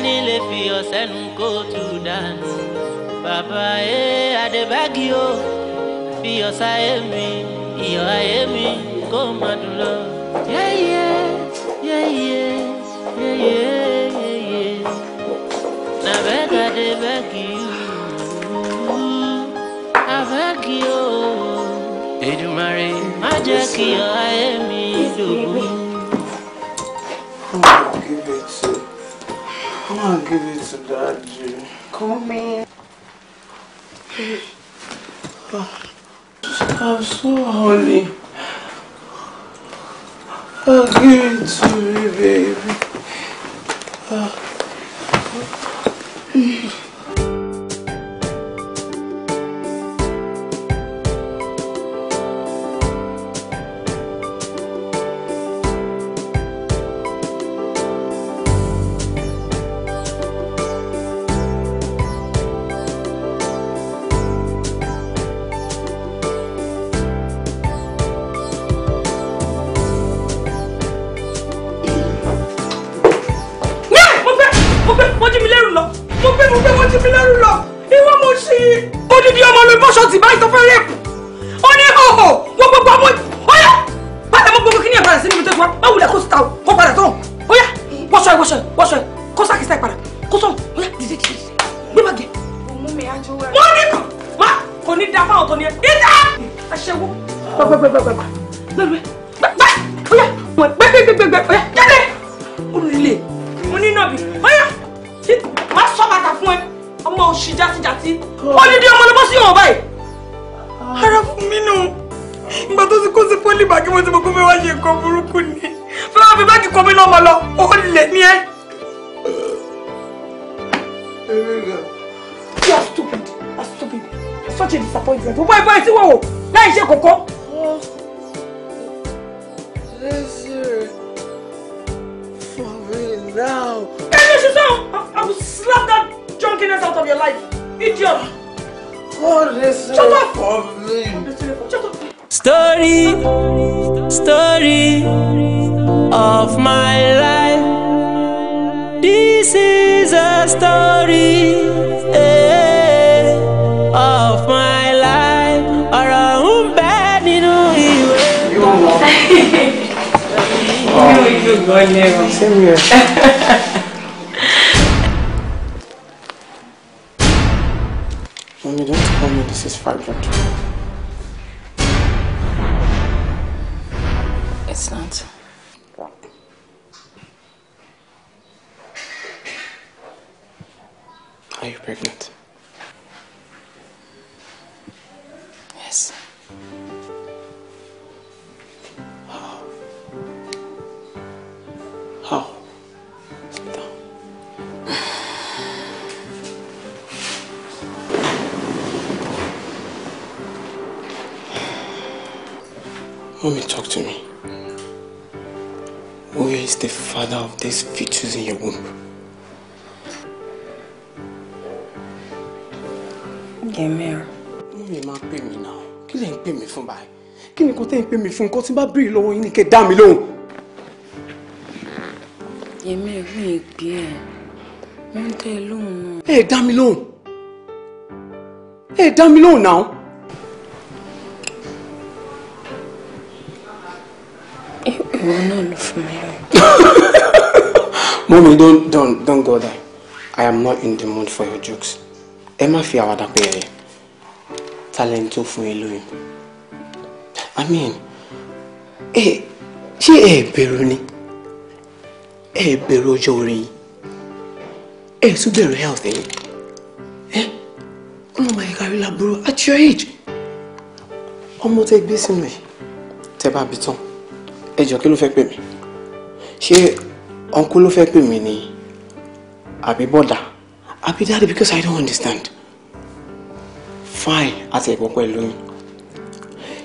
ẹni lè fi ọ̀sẹ̀ nu kó tú dànù bàbá ẹ àdébági o fi ọ̀sà èmi ìyọ̀ èmi kó má dùn lọ. yẹ́yẹ́ yẹ́yẹ́ yẹ́yẹ́ yẹ́yẹ́ na de àdébági o àbági o edumare má jẹ́ kí ìyọ̀ èmi dògún. Come and give it to Daddy. Come in. I'm so horny. I'll give it to you, baby. Uh. Stories, eh, of my life. Ọ̀rọ̀ ń bẹ nínú ìwé. Yóò wọ́n. Yóò yóò gbọ́ ní ẹ̀rọ. Sẹ́mi ẹ̀. these fetus in your womb. Yẹmẹ́rọ. Mú mi máa pè mí náà. Kí lẹ̀ ń pè mí fún báyìí? Kí ni kò tẹ́ ń pè mí fún? Nǹkan tí bá béèrè lọ́wọ́ yín ni kẹ́ dá mi lóhùn. Yẹmẹ́rọ mi gbé ẹ̀. Wọ́n ń tẹ́ ẹ lóhùn náà. Ẹ dá Mummy, don't, don't, don't go there. I am not in the mood for your jokes. Ẹ má fi àwàdà bẹ̀rẹ̀. Talent tó fún Elohim. I mean, ẹ ṣé ẹ bẹ̀rù ni? Ẹ bẹ̀rù ọjọ́ orí yìí. Ẹ tún bẹ̀rù health yìí. Ẹ ọmọ máa kárí lábúrò at your age. Ọmọ tẹ gbé sínú ẹ̀ tẹ bá bí tán. Ẹ jọ kí ló fẹ́ pè mí? Ṣé ọ̀nkú ló fẹ́ pè mí ni àbí bọ́dà àbí dáàdì because I don't understand fine àti ẹ̀gbọ́n pẹ̀lú yín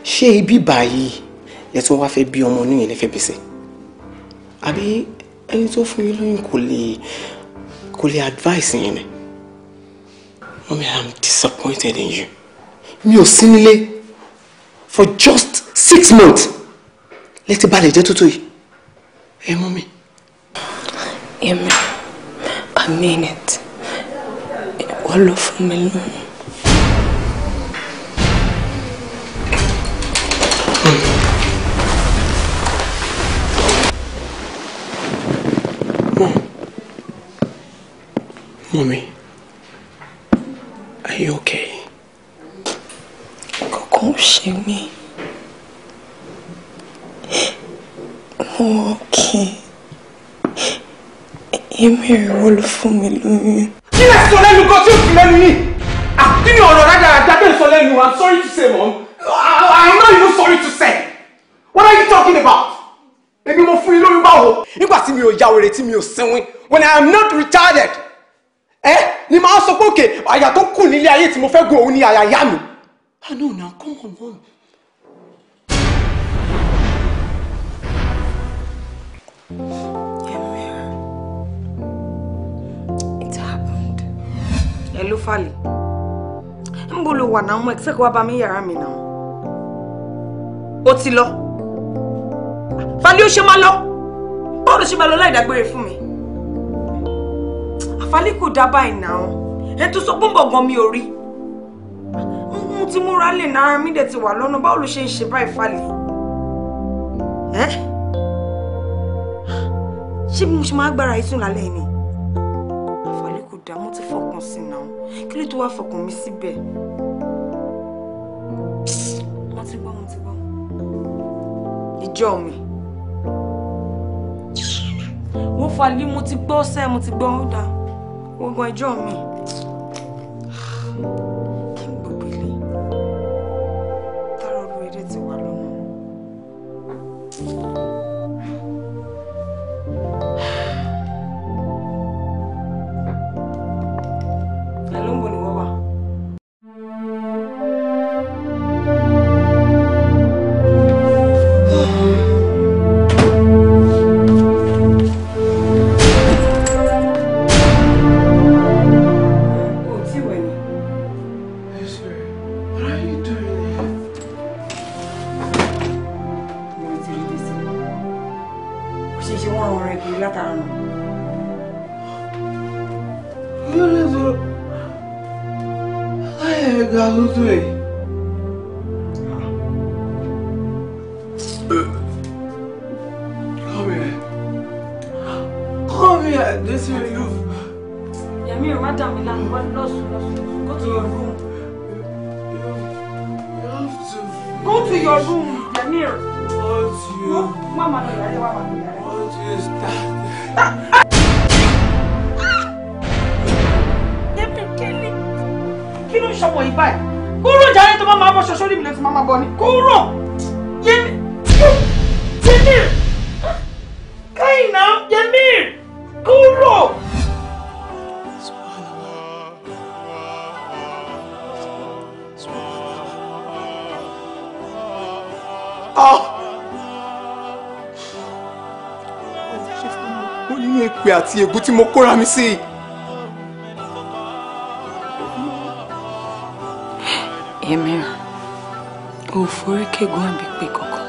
ṣé ibi báyìí ẹ tí wọ́n wá fẹ́ bí ọmọ inú yẹn lẹ́fẹ̀ẹ́ bẹ̀sẹ̀ àbí ẹni tó fún yín lóyún kò lè kò lè advice yẹn ni mọ́mí I am disappointed in you mi ò sí nílé for just six months lẹ́tí balẹ̀ jẹ́ tó tó yìí ẹ mọ́mí. Yẹmi, I mean it. Ìwọ ló fún mommy, are you okay? Kókó ń ṣe mí. okay ayé mẹ́rin wọ́n ló fún mi lóyún. kí lè sọ lẹ́nu kan tí ó fi lẹ́nu yìí kí ni ọ̀rọ̀ rádaràda bẹ́ẹ̀ sọ lẹ́nu I'm sorry to say mom I'm not even sorry to say what are you talking about èmi mo fún yín lóyún báwo. nígbà tí mi ò ya wèrè tí mi ò sinwin when I am not retarded ẹ ni màá sọ pé òkè àyà tó kù nílé ayé tí mo fẹ́ gùn òun ni àyà yá mi. ah no come on mom. thank ẹ ló fàlẹ̀ ń bò ló wà náà mo expect wá bá mi yàrá mi náà ó ti lọ fàlẹ́ ó ṣe máa lọ báwo ló ṣe máa lọ láì dágbére fún mi àfàlẹ́ kò dá báyìí náà ẹ tó sọ gbọ́ngbọ̀ngàn mi ò rí mo ti múra lè nára mi dẹ̀ ti wà lọ́nà báwo ló ṣe ń ṣe báyìí fàlẹ̀ ẹ́ ṣé bí mo ṣe máa gbára ìsún kí ló tó wá fọkàn mi síbẹ̀. mo ti gbọ́ mo ti gbọ́. ìjọ mi. wọ́n falí mo ti gbọ́ sẹ́ẹ̀ mo ti gbọ́ ó dáa wọ́n ìjọ mi. kí ló ń ṣọmọ yìí báyìí kúrò jáde tó bá máa bọ́ ṣoṣo rí mi ló ti máa bọ̀ ni kúrò yẹmi yẹmi kẹ́hìnà yẹmi kúrò. Oh! Ah! ṣe ní èpè àti ègún tí mo kóra mi sí i. Kegwambi Bikoko,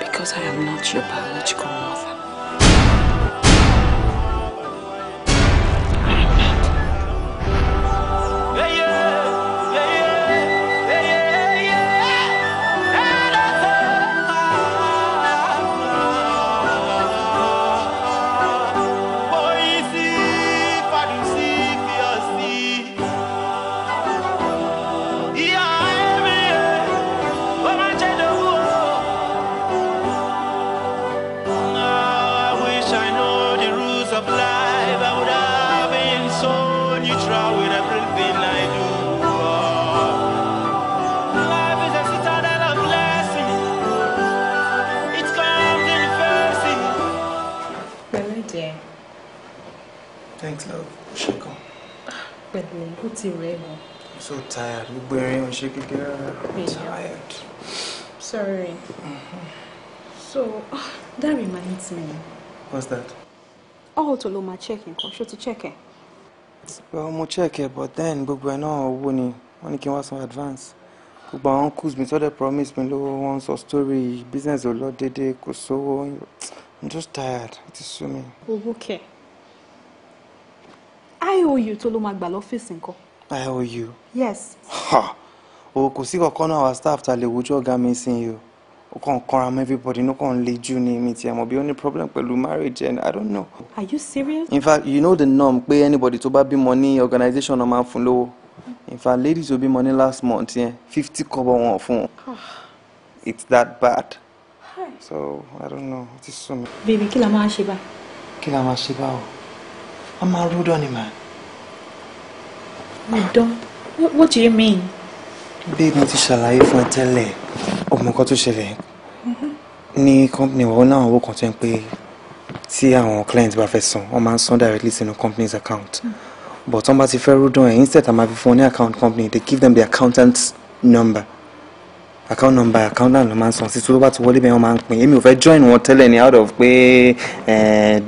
because I am not your power. check nǹkan ṣó ti check ẹ̀. well mo check ẹ but then gbogbo ẹ náà owó ni wọ́n ní kí n wá san advance gbogbo àwọn uncles mi tọ́lẹ̀ promise mi lówó wọ́n ń sọ story business ò lọ déédéé kò sówó i'm just tired it is so me. owó kẹ iou tó ló máa gbà lọ́fíìsì nǹkan. iou. yes. ha o kò sí kankan náà our staff ta lè wojú ọ̀gá mi sí i o ó kàn kanra everybody inú kàn le jù ní mi tiẹ̀ mọ̀ bí ó ní problem pẹ̀lú marriage and i don't know. are you serious. in fact you know the norm pé anybody to bá bímọ ní organisation náà máa ń fún in fact ladies tó bímọ ní last month yẹn fifty kọ́bọ̀ wọn fún ah. it's that bad so i don't know it is so. baby kí la máa ṣe bá. kí la máa ṣe bá o a máa rúdọ̀ ni màá. rúdọ̀ what do you mean. babe mo ti ṣàlàyé fún ẹ tẹ́lẹ̀ mọ nǹkan tó ṣẹlẹ̀ ní company wọn náà owó kan tó ń pé tí àwọn client bá fẹ́ san wọ́n máa ń san directly sínú company's account but wọ́n bá ti fẹ́ rúdùn ẹ̀ instead àmà fi fún ọ ní account company they give them the accountant number account number accountant, náà ló máa ń san sí tó bá ti wọlé bẹ́ẹ̀ wọ́n máa ń pín èmi ò fẹ́ join wọn tẹ́lẹ̀ ni out of pé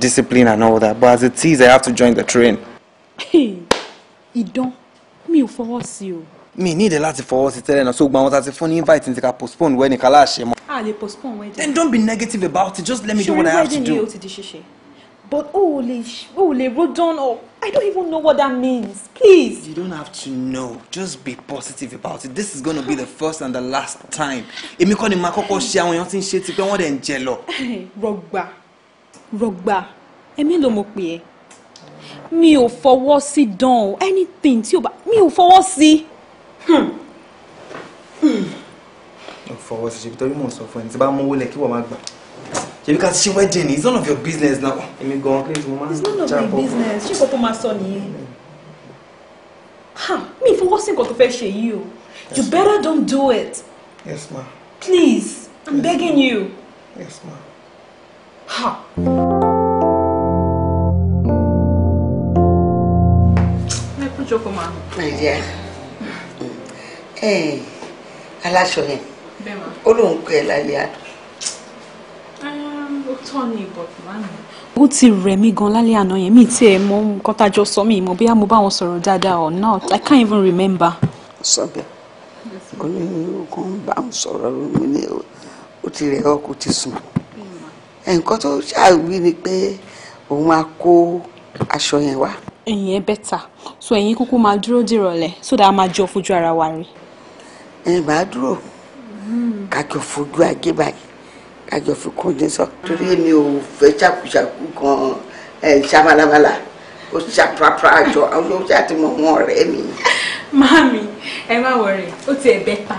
discipline and all that but as it is I have to join the train. ìdán mi ò fọwọ́ sí o mi ní ìdẹ láti fọwọ́ sí tẹ́lẹ̀ náà so gba àwọn tá a ti fún ní invite ní ti ka postpone wedding ká láàṣẹ mọ́. a lè postpone wedding. then don't be negative about it just let me Should do what I have to do. ṣe wedding yìí ó ti di ṣíṣe but o ò lè o ò lè rodon or I don't even know what that means please. you don't have to know just be positive about it this is gonna be the first and the last time èmi kọ́ ni màá kọ́kọ́ ṣe àwọn èèyàn tí ń ṣe ti pé wọ́n dẹ̀ ń jẹ lọ. rọgbà rọgbà èmi ló mọ̀ pé ẹ mi ò fọwọ́ sí dán o anything tí o bá mi ò fọwọ́ sí fọwọ́ sí ṣebí torí mò ń sọ fún ẹni tí bá mówó lẹ̀ kí wọ́n máa gbà ṣebí ká ṣe wedding it's none of your business now èmi gan-an kí ni mo máa ń jà pọ̀ it's none of my business ṣé kò tó máa sọ nìyẹn ha mi ìfọwọ́ sí nǹkan tó fẹ́ ṣe yìí o you better don't do it yes ma please i'm yes, begging you yes ma ha. Ẹ kú jókòó ma. Nàìjíríà. Eh, aláṣọ yẹn ó lóun kọ ẹ lálẹ́ àdùn. Um, ó tọ́ ni ìbọ̀tì máa ń ó ti rẹ̀ mí gan lálẹ́ àná yẹn mi tiẹ̀ mọ nǹkan tájọ sọ mi mọ̀ bóyá mo bá wọn sọ̀rọ̀ dáadáa or not I can't even remember. sọ bẹ́ẹ̀ ó ní oògùn bá ń sọ̀rọ̀ mi ní ó ti rẹ̀ ọkọ ti sùn eh, nǹkan tó ṣàwí ni pé òun á kó aṣọ yẹn wá. ẹ̀yin ẹ bẹ́tà so ẹ̀yin kúkú máa dúró dìrọ̀lẹ́ so that a máa jọ fojú ara wa rí ẹ bá dúró kájọ fojú ajé báyìí kájọ fi kún ní sọ. torí mi ò fẹ́ ṣàkúṣàkú kan ẹ̀ ṣabalabala ó ṣàpàpà àjọ àwọn oṣù àti mọ̀mọ́ ọ̀rẹ́ mi. Màámi ẹ má wọrẹ ó ti ẹ bẹ ta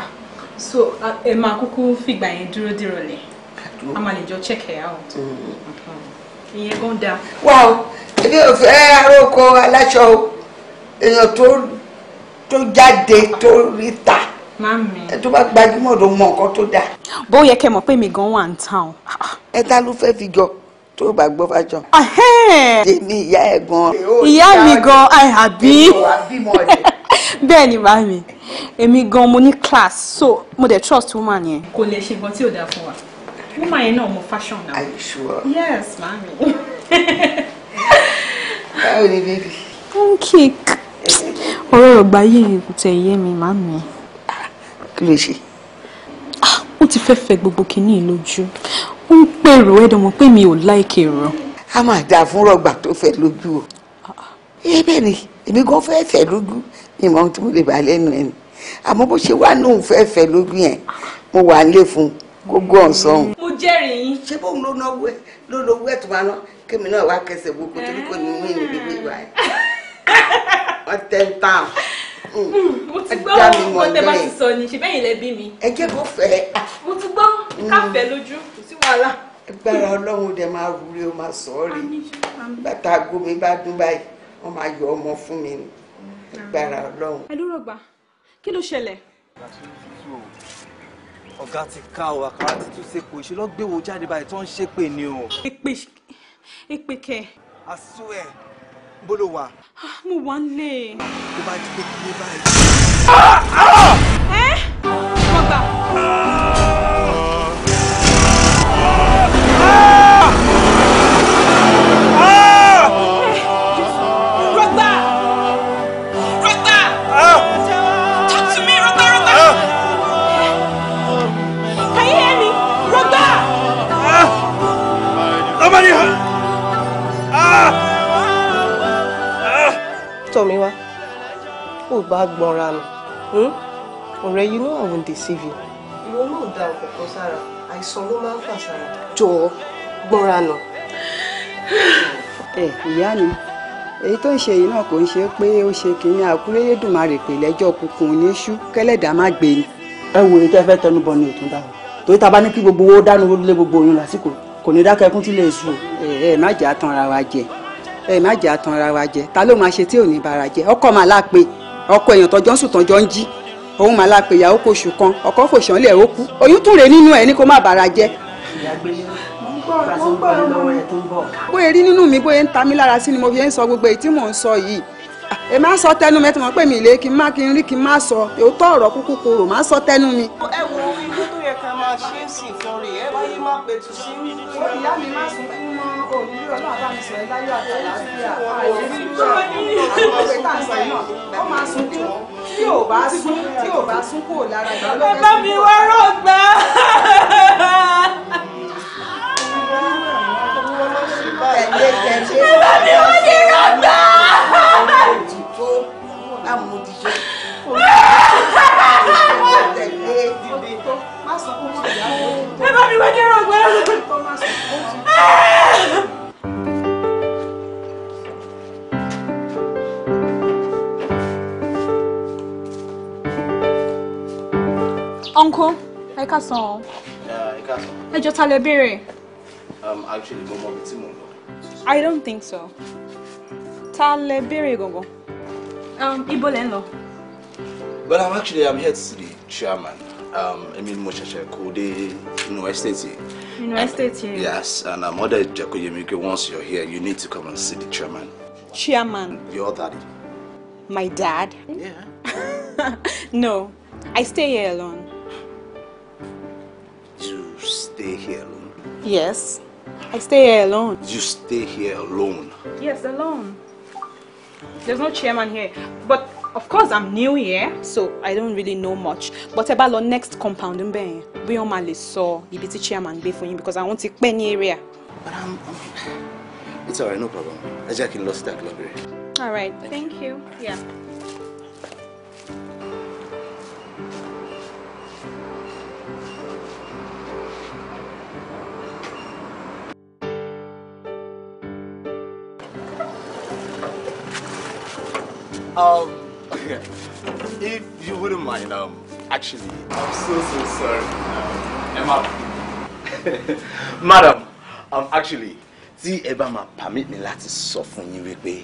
so ẹ máa kúkú fìgbà yẹn dúró dìrọ̀lẹ́ a máa lè jọ check ẹ out mm. Mm. ìyẹn gan da. wá o èmi ò fẹ́ aróko aláṣọ èèyàn tó jáde tó rí ta. Mami. Ẹ ba bá gbajúmọ̀ ló mọ nǹkan da. dáa. Bó yẹ kẹ́ mọ̀ mi gan wà ń town. Ẹ ta ló fẹ́ fi jọ tó bá gbọ́ fájọ. Èmi ìyá ẹ̀ gan. Ìyá mi gan I happy. ni màmí, èmi gan mo ni class so mo de trust woman yẹn. Kò lè ṣe nǹkan tí ò dáa fún wa. Woman yẹn náà mo fashion now. Are you sure? Yes, màmí. Báwo ni bébì? Pancake. Ọ̀rọ̀ ọ̀gbá yìí kò tẹ̀ yé mi màmí kí ló ṣe. Ah, ó ti fẹ́ fẹ́ gbogbo kìíní lójú ó ń pèrò ẹ̀dọ̀ mọ̀ pé mi ò láìkè rọ. a máa dà fún rọgbà tó fẹ́ lójú o. Ah, ah. ẹ bẹ́ẹ̀ ni èmi gan fẹ́ fẹ́ lójú ni mo tún lè bá lẹ́nu ẹ̀ ni àmọ́ bó ṣe wá lóun fẹ́ fẹ́ lójú yẹn mo wà ń lé fún gbogbo ọ̀sán. mo jẹ́rìí yín. ṣé bóun ló náwó ẹ ló lówó ẹ tó máa ná kémi náà wá kẹsẹ̀ gbogbo torí kò ní mí ní gbogbo ìwà ẹ. wọ́n tẹ́ mo ti gbọ́ ohun tẹ bá ti sọ ni ṣùgbọ́n ìlẹ̀ bí mi. ẹ jẹ́ kó fẹ́. mo ti gbọ́ mm. káfẹ́ lójú kò sí wàhálà. agbára ọlọ́run dẹ̀ máa rúre ó máa sọ ọ́ rí bàtà aago mi bá dún báyìí wọ́n máa yọ ọmọ fún mi ni agbára ọlọ́run. ẹ dúró gbà kí ló ṣẹlẹ̀. ọ̀gá ti ká o àkàrà ti tún ṣèpò ìṣúná gbé wo jáde báyìí tó ń ṣépè ni o. èpè èpè kẹ. I bó ló wà. mo wà ń lé. tó bá ti pé kí ló báyìí. ẹ mo eh? gbà. tọ̀mí wá ò bá gbọ́nra nù hmm? ọ̀rẹ́ you know I won't deceive you. ìwọ náà da òkùnkùn sára àìsàn ló máa ń fà sára. jọ̀ọ́ gbọ́nra nù. ẹ eh, ìyá mi èyí tó ń ṣe yìí náà kò ń ṣe pé ó ṣe kínní àkúrédùmarè pè lẹ́jọ́ kúkú níṣú kẹlẹ́dà má gbé ni. ẹ wo èyí tẹ́ fẹ́ tẹnu bọ ni òtún dáhùn torí ta bá ní kí gbogbo owó dánú lé gbogbo oyún lásìkò kò ní dákẹ́kún tí lè sùn. ẹ ẹ má jà tanra wa jẹ. ẹ má jẹ́ àtànra wa jẹ ta ló máa ṣe tí ò ní bara jẹ ọkọ máa lápe ọkọ èèyàn tọjọ́ ń sùn tọjọ́ ń jí òun máa lápe ìyàwó kò kan ọkọ fòṣàn lẹ̀ ó kú oyún tún rè nínú ẹ ní kó má bara jẹ. nínú mi ń ta mí lára sí fi ń sọ gbogbo èyí tí mò sọ yìí ẹ sọ tẹnu mi ẹ ti pé mi kí n má kí n rí kí n má sọ òótọ́ ọ̀rọ̀ sọ tẹnu mi. ọkọ òní yóò náà bá mi sọ ẹ láyọ̀ àti àlàáfíà àìsí tó bá ní ìgbésẹ̀ tá à rọ̀gbà. tẹ̀lé mi wá ní rọ̀gbà. òdìbò mi wá ní rọ̀gbà. Uncle, ẹ ká sàn ọ́. Ẹ ká sàn. Ẹ jọ ta lẹ béèrè. Um, actually, mo mọ ibi tí I don't think so. Ta lẹ béèrè gangan? Um, ibo lẹ ń Well, I'm actually I'm here to see the chairman. um, ni mo ṣẹ̀ṣẹ̀ kó dé inú estate yẹn. yes and um, mother jẹ́ once you're here you need to come and see the chairman. chairman. your daddy. my dad. yeah. no I stay here alone. you stay here alone. yes I stay here alone. you stay here alone. yes alone. there's no chairman here but Of course, I'm new here, so I don't really know much. But ẹ bá lọ next compound ń bẹ̀ yẹn, bí wọ́n máa lè sọ ibi tí chairman gbé fún yín because want to pẹ́ ní area. But I'm, I'm... It's alright, no problem. Ẹ jẹ́ kí n lọ sí that library. Alright, thank, thank you. Yeah. Um, if you wouldn't mind, um, actually, I'm so so sorry. Um, Emma, madam, um, actually, see, Ebama, permit me. láti soften fún yín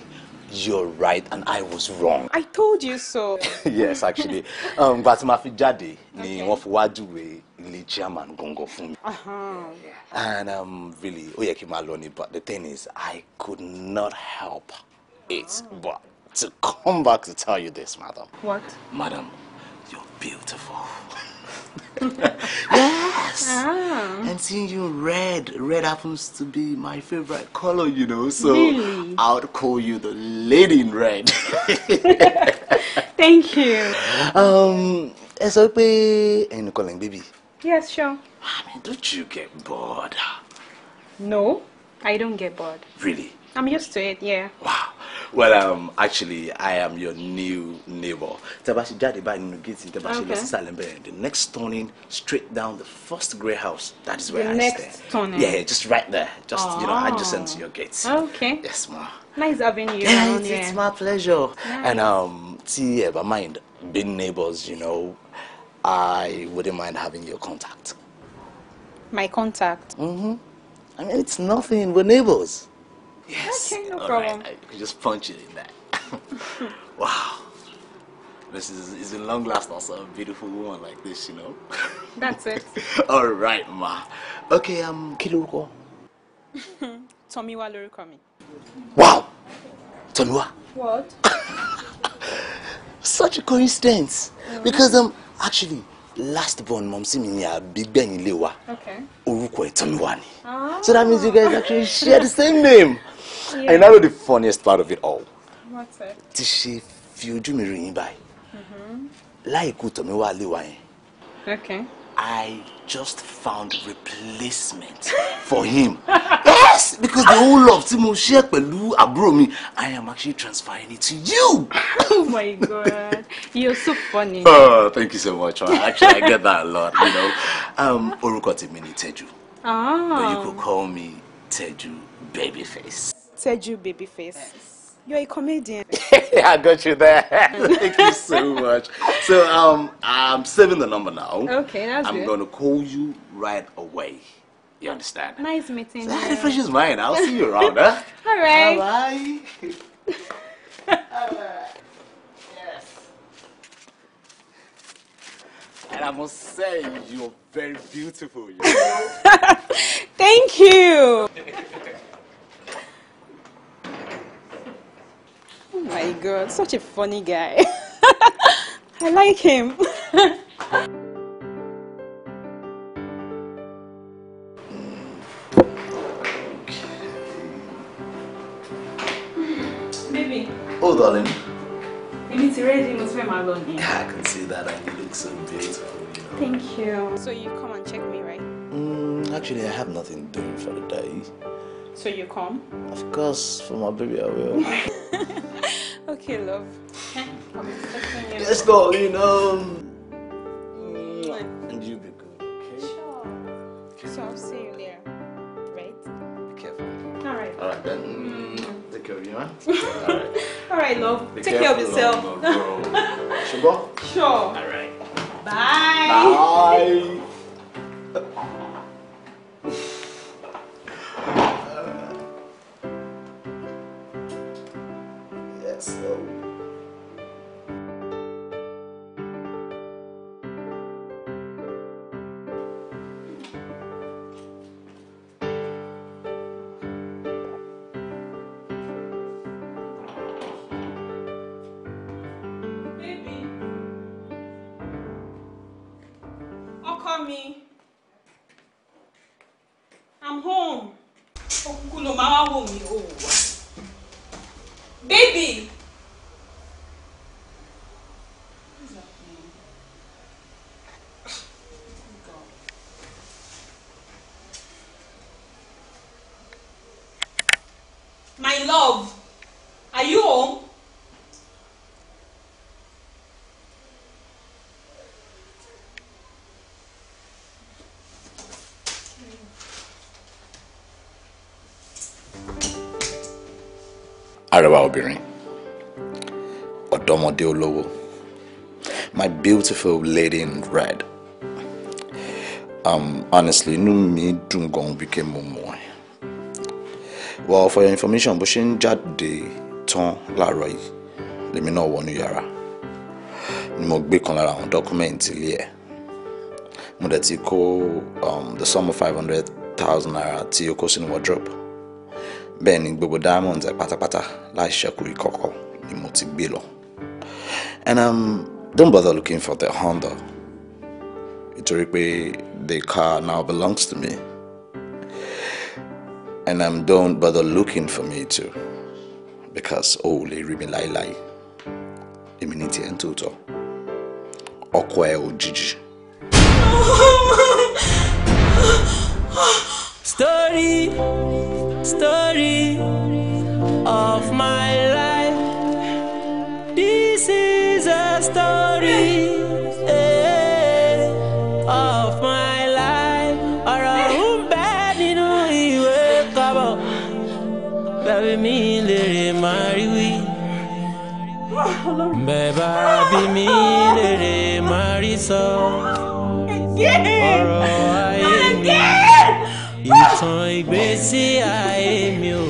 you're right and I was wrong. I told you so. yes, actually, um, but my ma fi jáde ni wọ́n fi wá júwe ilé chairman gangan fún And um, really, ó yẹ kí n but the thing is, I could not help it, but to come back to tell you this, madam. What? Madam, you're beautiful. yes. Ah. And seeing you red, red happens to be my favorite color, you know. So really? I would call you the lady in red. Thank you. Um, SOP and calling, baby. Yes, sure. I mean, don't you get bored? No, I don't get bored. Really? I'm used to it, yeah. Wow. Well, um, actually, I am your new neighbor. Tabashi Jade by Nugiti, Tabashi Lesalembe. The next turning, straight down the first grey house. That is where the I next stay. Turning. Yeah, just right there. Just, oh. you know, oh. adjacent to your gates. Okay. Yes, ma. Nice having you. Yeah, it's, it's my pleasure. Nice. And, um, see, yeah, but mind, being neighbors, you know, I wouldn't mind having your contact. My contact? Mm hmm. I mean, it's nothing. We're neighbors. Yes. Okay, no All problem. Right. I can just punch it in that. wow. This is, is a long last also a beautiful woman like this, you know. That's it. All right, ma. Okay, um, kí lorúkọ? Tomiwa lorúkọ Wow! Tomiwa? What? Such a coincidence. Mm. Because um actually last born mom sí mi ni àbígbẹ̀yìn Okay. Orúkọ ẹ̀ Tomiwa Ah. So that means you guys actually share the same name. Yeah. And I know the funniest part of it all. What's it? Tí ṣe fi ojú mi rí yín Like mm-hmm. Láìkú tọ̀mí wá lé wa yẹn. Okay. I just found replacement for him. yes, because the whole love tí mo share pẹ̀lú àbúrò mi, I am actually transferring it to you. oh my God, you're so funny. Oh, thank you so much. Actually, I get that a lot, you know. Um, orúkọ tèmi ni Teju. Oh. Ah. But you could call me Teju Babyface. Teju Babyface. Yes. You're a comedian. I got you there. Thank you so much. So um, I'm saving the number now. Okay, that's I'm good. gonna call you right away. You understand? Nice meeting so you. That refreshes mine. I'll see you around, huh? All right. Bye. Bye. yes. And I must say, you're very beautiful. You know? Thank you. Oh my god, such a funny guy. I like him. Baby. Oh, darling. You need to You must wear my Yeah, I can see that, and you look so beautiful. You know? Thank you. So, you come and check me, right? Mm, actually, I have nothing doing for the day. So you come? Of course, for my baby, I will. okay, love. Let's go, you know. Mm. Mm. And you be good, okay? Sure. So I'll see you later, right? Be careful. Alright. Alright, then. Mm. Take care of you, huh? Alright. Alright, love. Be Take care of yourself. Love, love, Sure. Alright. Bye. Bye. me. àrẹwà obìnrin ọ̀dọ́mọdé olówó my beautiful lady in red um, honestly inú mi dùn gan wíkẹ́ mo mọ̀ ẹ́ well for your information bó ṣe ń jáde tán láàárọ̀ yìí lèmi náà wọnú yàrá ni mo gbé kan lára àwọn dọ́kúmẹ́ǹtì ilé ẹ̀ mo dẹ̀ ti kó um, the sum of five hundred thousand naira tí o kó sínú wardrobe bẹ́ẹ̀ ni gbogbo diamonds ẹ̀ pátápátá. láì ṣẹ́kù ìkọ̀kọ̀ imoti bilo, and um, don't bother looking for the Honda It's the car now belongs to me and um, don't bother looking for me too because only oh, ò lè rí mi láéláé èmi ní tiẹ̀ ń òjijì. story story. of my life. This is a story eh, of my life. or a bẹ nínú ìwé kọ́bọ̀. Bẹ́ẹ̀ mi lèrè máa rí wí. Bẹ́ẹ̀ bá bí mi lèrè máa rí sọ. Ọ̀rọ̀ ayé mi. Ìtàn ìgbésí ayé mi ò.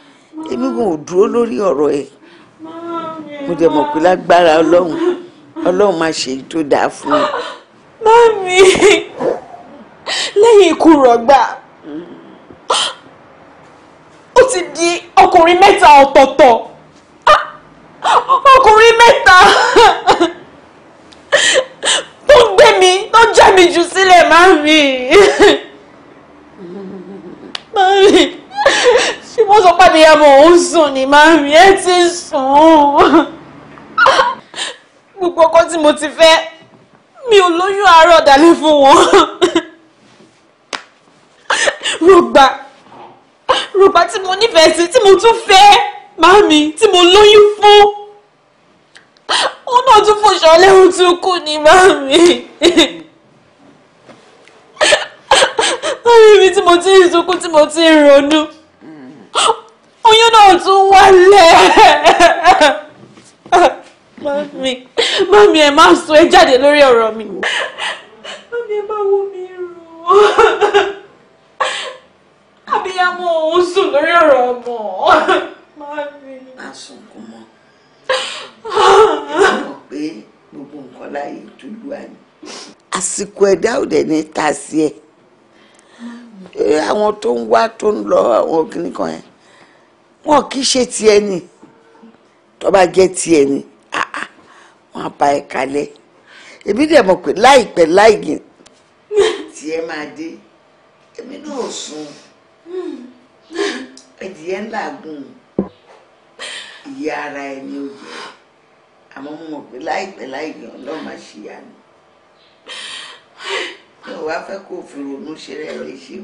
èmi gan ò dúró lórí ọ̀rọ̀ ẹ̀ mo dẹ̀ mọ̀ pé lágbára ọlọ́run ọlọ́run máa ṣe èyí tó dáa fún mi. mami lẹ́yìn ikú rọ̀gbà ó ti di ọkùnrin mẹ́ta ọ̀tọ̀ọ̀tọ̀ ọkùnrin mẹ́ta tó gbé mi tó já mi jù sílẹ̀ mami ó sọ pé abiyamọ òun sùn ni màmí ẹ ti sùn gbogbo ọkọ tí mo ti fẹ́ mi ò lóyún àárọ̀ dalẹ́ fún wọn rògbà rògbà tí mo nífẹ̀ẹ́ sí tí mo tún fẹ́ màmí tí mo lóyún fún ó náà tún fòṣọ lẹ́hùn tún kù ní màmí màmí mi tí mo ti ń sunkún tí mo ti ń ronú oyún náà tún wálẹ̀ mami mami ẹ má sọ ẹ jáde lórí ọ̀rọ̀ mi mami ẹ má wò mí rò abiyamọ òun sùn lórí ọ̀rọ̀ ọmọ mami. má sunkún mọ́ ìgbàgbọ́ ah. pé gbogbo nǹkan láyé tó lù á àsìkò ẹ̀dá ò dẹ̀ ní tàsí ẹ̀ àwọn tó ń wá tó ń lọ àwọn obìnrin kan yẹn wọn kì í ṣe tiẹ̀ ni tó bá jẹ́ tiẹ̀ ni wọn bá ẹ kalẹ̀ èmi dẹ̀ mọ̀ pé láìpẹ́ láìgìn tiẹ̀ máa dé èmi náà sùn ẹ̀dìyẹ ńlá gùn ìyá ara ẹni ò jẹ́ àmọ́ mo mọ̀ pé láìpẹ́ láìgìn ọlọ́run máa ni a wá fẹ́ kó fi ronú ṣe rẹ̀ léṣe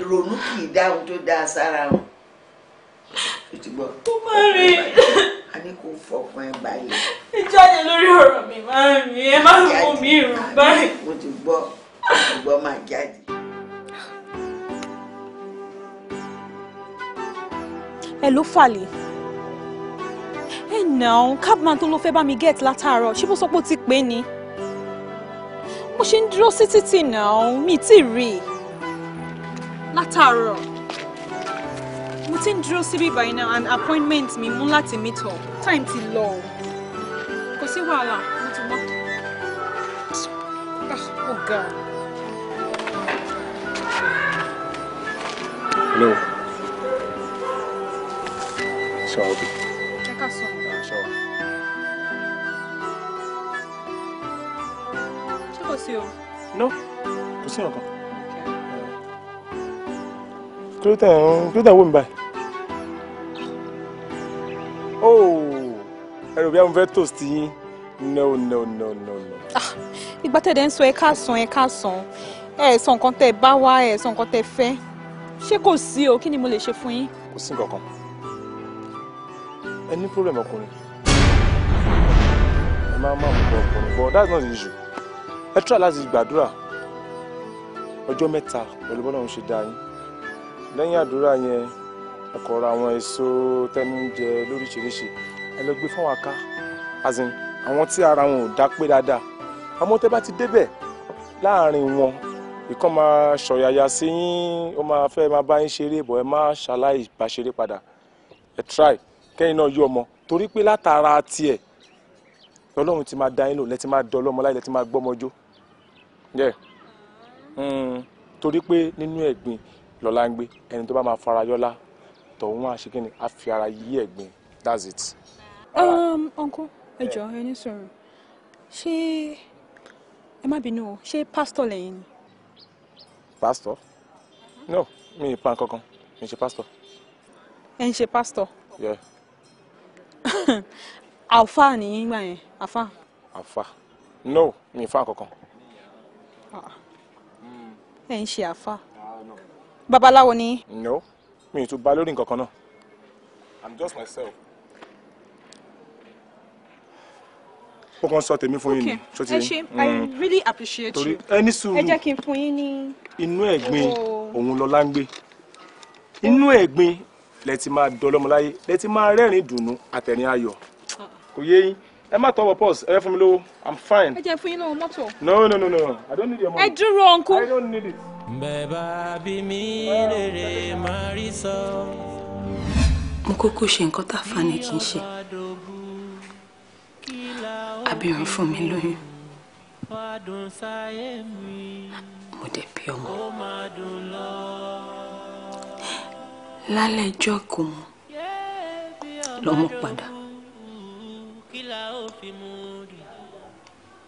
o ronú kì í dá ohun tó dáa sára o ti gbọ́. ó má rí i. a ní kó fọkàn ẹ balẹ̀. ìjáde lórí ọ̀rọ̀ mi máa ń rí ẹ má fún mi ìrùn báyìí. mo ti gbọ́ mo ti gbọ́ máa jáde. ẹ ló fàlè ẹ nà án kábman tó ló fẹ́ bá mi gẹ̀ẹ́tì látàárọ̀ ṣé bó sọ pé ó ti pè é ni mo ṣe ń dúró sí títì náà mi tí ì rí i látàárọ̀ mo ti ń dúró síbí báyìí náà an appointment mi mú láti meet up time ti lọ o kò sí wàhálà mo ti ah, oh gbọ́. Hello. Sorry. Ẹ ká sọ̀rọ̀. Sọ̀rọ̀. sí o. no kò sí nǹkan. kí ló tẹ̀ ń kí oh ẹ rò bí àwọn fẹ́ toast yín no no no no no. Ah, ìgbà tẹ̀dẹ̀ ń sọ ẹ káàsán ẹ káàsán ẹ sọ nǹkan tẹ bá wá ẹ sọ nǹkan tẹ fẹ́ ṣé kò sí o kí ni mo lè ṣe fún yín. kò sí nǹkan kan ẹ that's not the issue ẹ tura láti gbàdúrà ọjọ́ mẹ́ta pẹ̀lú bọ́lá òun ṣe dá yín lẹ́yìn àdúrà yẹn ẹ̀kọ́ àwọn èso tẹnu jẹ lóríṣiríṣi ẹ lọ gbé fáwọn aká azin àwọn tí ara wọn ò dá pé dáadáa àmọ́ tẹ́ bá ti débẹ̀ láàrin wọn ìkan máa ṣọ̀yàyà sí yín ó máa fẹ́ máa bá yín ṣeré bọ̀ ẹ má ṣàlàyé bá padà ẹ try kẹ́yìn náà yọ ọmọ torí pé látara tiẹ̀ lọ́lọ́run ti máa da yín lò lẹ́tí máa dọ́ ọlọ́mọ láì lẹ́tí máa gbọ́mọjó yẹ hmm. torí pé nínú ẹ̀gbin lọ́la ń gbé ẹni tó bá máa fara yọ́lá tọ̀hún wá ṣe kíni á ara yí ẹ̀gbin that's it. ọ̀nkú um, ẹ jọ sọ̀rọ̀ ṣé ẹ má bínú o ṣé pásítọ̀ lẹ́yìn ni. pásítọ̀ no mi ì pa nǹkan kan mi ì ṣe pásítọ̀. ẹ ń ṣe pásítọ̀. àfa nìyí gbà yẹn àfa. àfa no mi fa kankan. Ah, ah. ẹ ń ṣe àfa babaláwo ni. no mi tún ba lórí nǹkan kan i'm just myself. ó kàn sọ tèmi fún yín ni. ok ẹ i mm. really appreciate you. Any soon. ní sùúrù ẹ jẹ́ kí n Inu yín ní. inú ẹ̀gbin òun lọ́lá ń gbé inú ẹ̀gbin lẹ ti máa ti máa rẹ́rìn-ín dùnú àtẹ̀rín kò yé yín ẹ má tọwọ́ pause ẹ fún mi lówó i'm fine. ẹ jẹ́ fún yín lówó mọ́tò. no no no no i don't need your money. ẹ dúró uncle. i don't need it. bẹ́ẹ̀ bí mi lèrè máa rí sọ. mo kúkú ṣe nǹkan tá a fa ni kì í ṣe abirùn fún mi lóyún mo dẹ̀ bí ọmọ lálẹ́ ẹjọ́ kò mú lọ́mọ padà.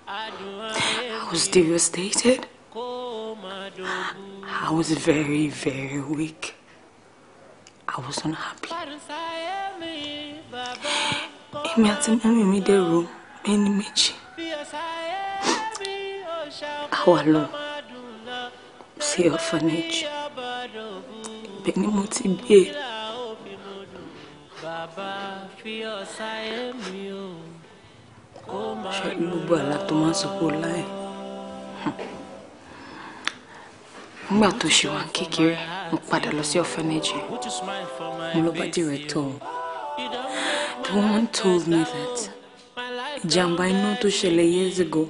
I was devastated. I was very, very weak. I was unhappy. Èmi àti mẹ́rin mi dẹ̀rù mẹ́ni méjì. A wà lọ ṣe gbogbo àlá tó máa ń sọpọ̀ láì nígbà tó ṣe wà kékeré mo padà lọ sí orphanage mo lọ bá director the woman told me that ìjàmbá iná tó ṣẹlẹ̀ years ago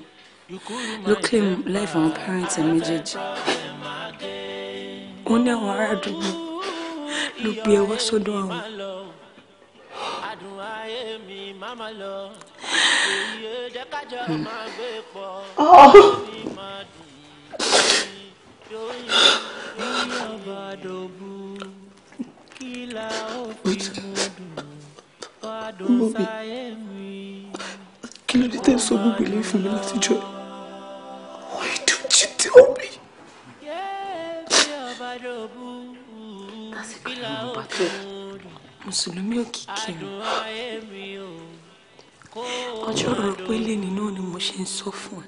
ló claim life àwọn parents and méjèèjì ó ní àwọn ará àdúgbò ló gbé ẹwọ́ sọ́dọ̀ àwọn. Oh. Mobi, kí Why don't you tell me? Lásìkò ìlú bàtẹ́, Mùsùlùmí òkìkí ọjọ́ rò pé lẹ́ni náà ni mo ṣe ń sọ fún ẹ.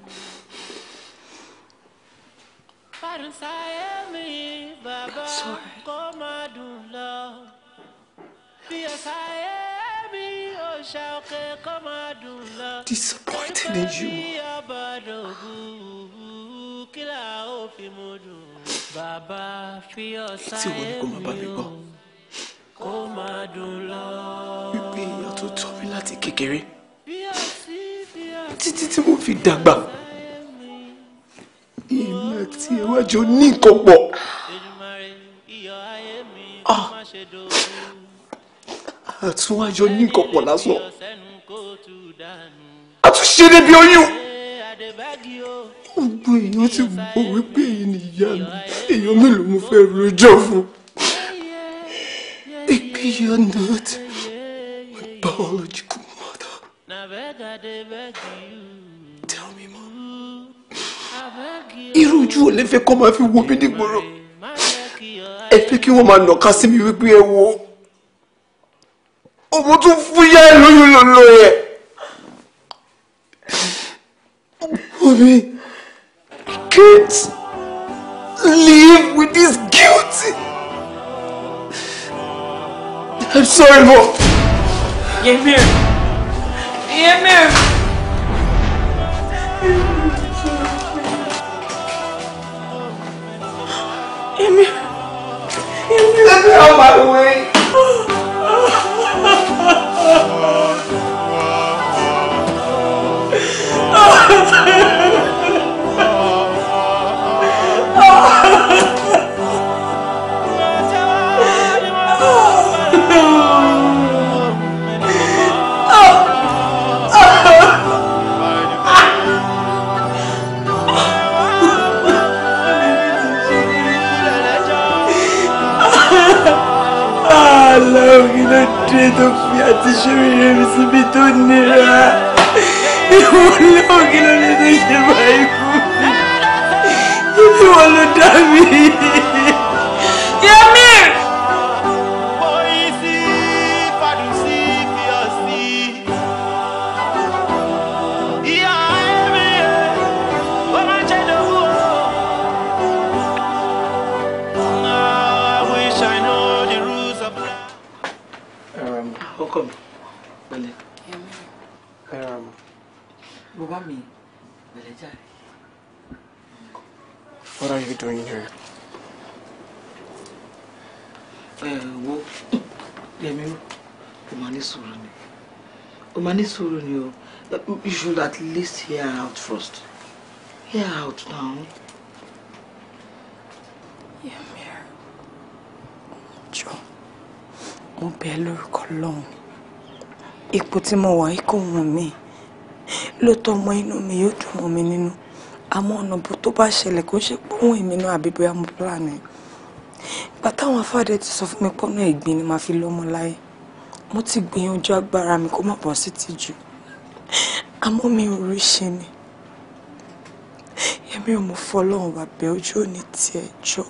disappointed in you. bí ọba dògùn kí là ó fi mú dùn bàbá fi ọ̀sáyé mi ò kó máa dùn lọ. wípé ìyá tó tọ́ mi láti kékeré títí tí mo fi dàgbà èmi àti ìwájú ní nǹkan pọ̀ ah, àtúnwájọ ní nǹkan pọ̀ lásán àtúnṣe níbi oyún gbogbo èèyàn ti gbọ́ wípé èyí ni ìyá mi èèyàn mélòó mo fẹ́ rojọ́ fún ìpè yọ not my Tell me, Mom. Irú ojú ò lè fẹ́ kọ́ máa fi wo bí nígboro. Ẹ fẹ́ kí wọ́n máa nàka sí mi wípé ẹ wo. Ọmọ tó fúyà ẹ lóyún lọ́lọ́ yẹ. Mommy, I can't live with this guilt. I'm sorry, Mom. Yemir. Yeah, Emir. Emir. Èmi, èmi. Step out of my way. olùdarí. should at least hear her out first. Hear her out now. Yẹmí jọ, mo bẹ̀ lórúkọ Ọlọ́run. Ipò tí mo wà yìí kò wọ̀n mí. Lóòótọ́ ọmọ inú mi yóò dùn mọ́ mi nínú. Àmọ́ ọ̀nà bó tó bá ṣẹlẹ̀ kó ṣe pé òun ìmínú àbí bóyá mo pílànì. Ìgbà táwọn afáàdẹ ti sọ fún mi pọ́nà ìgbín ni màá fi lọ́mọ láyé. Mo ti gbìyànjú agbára mi kó má bọ́ sí tìjú àmọ́ mi ò rí ṣe ni èmi ò mú fọlọ́run bàbẹ́ ojú òní tiẹ̀ jọ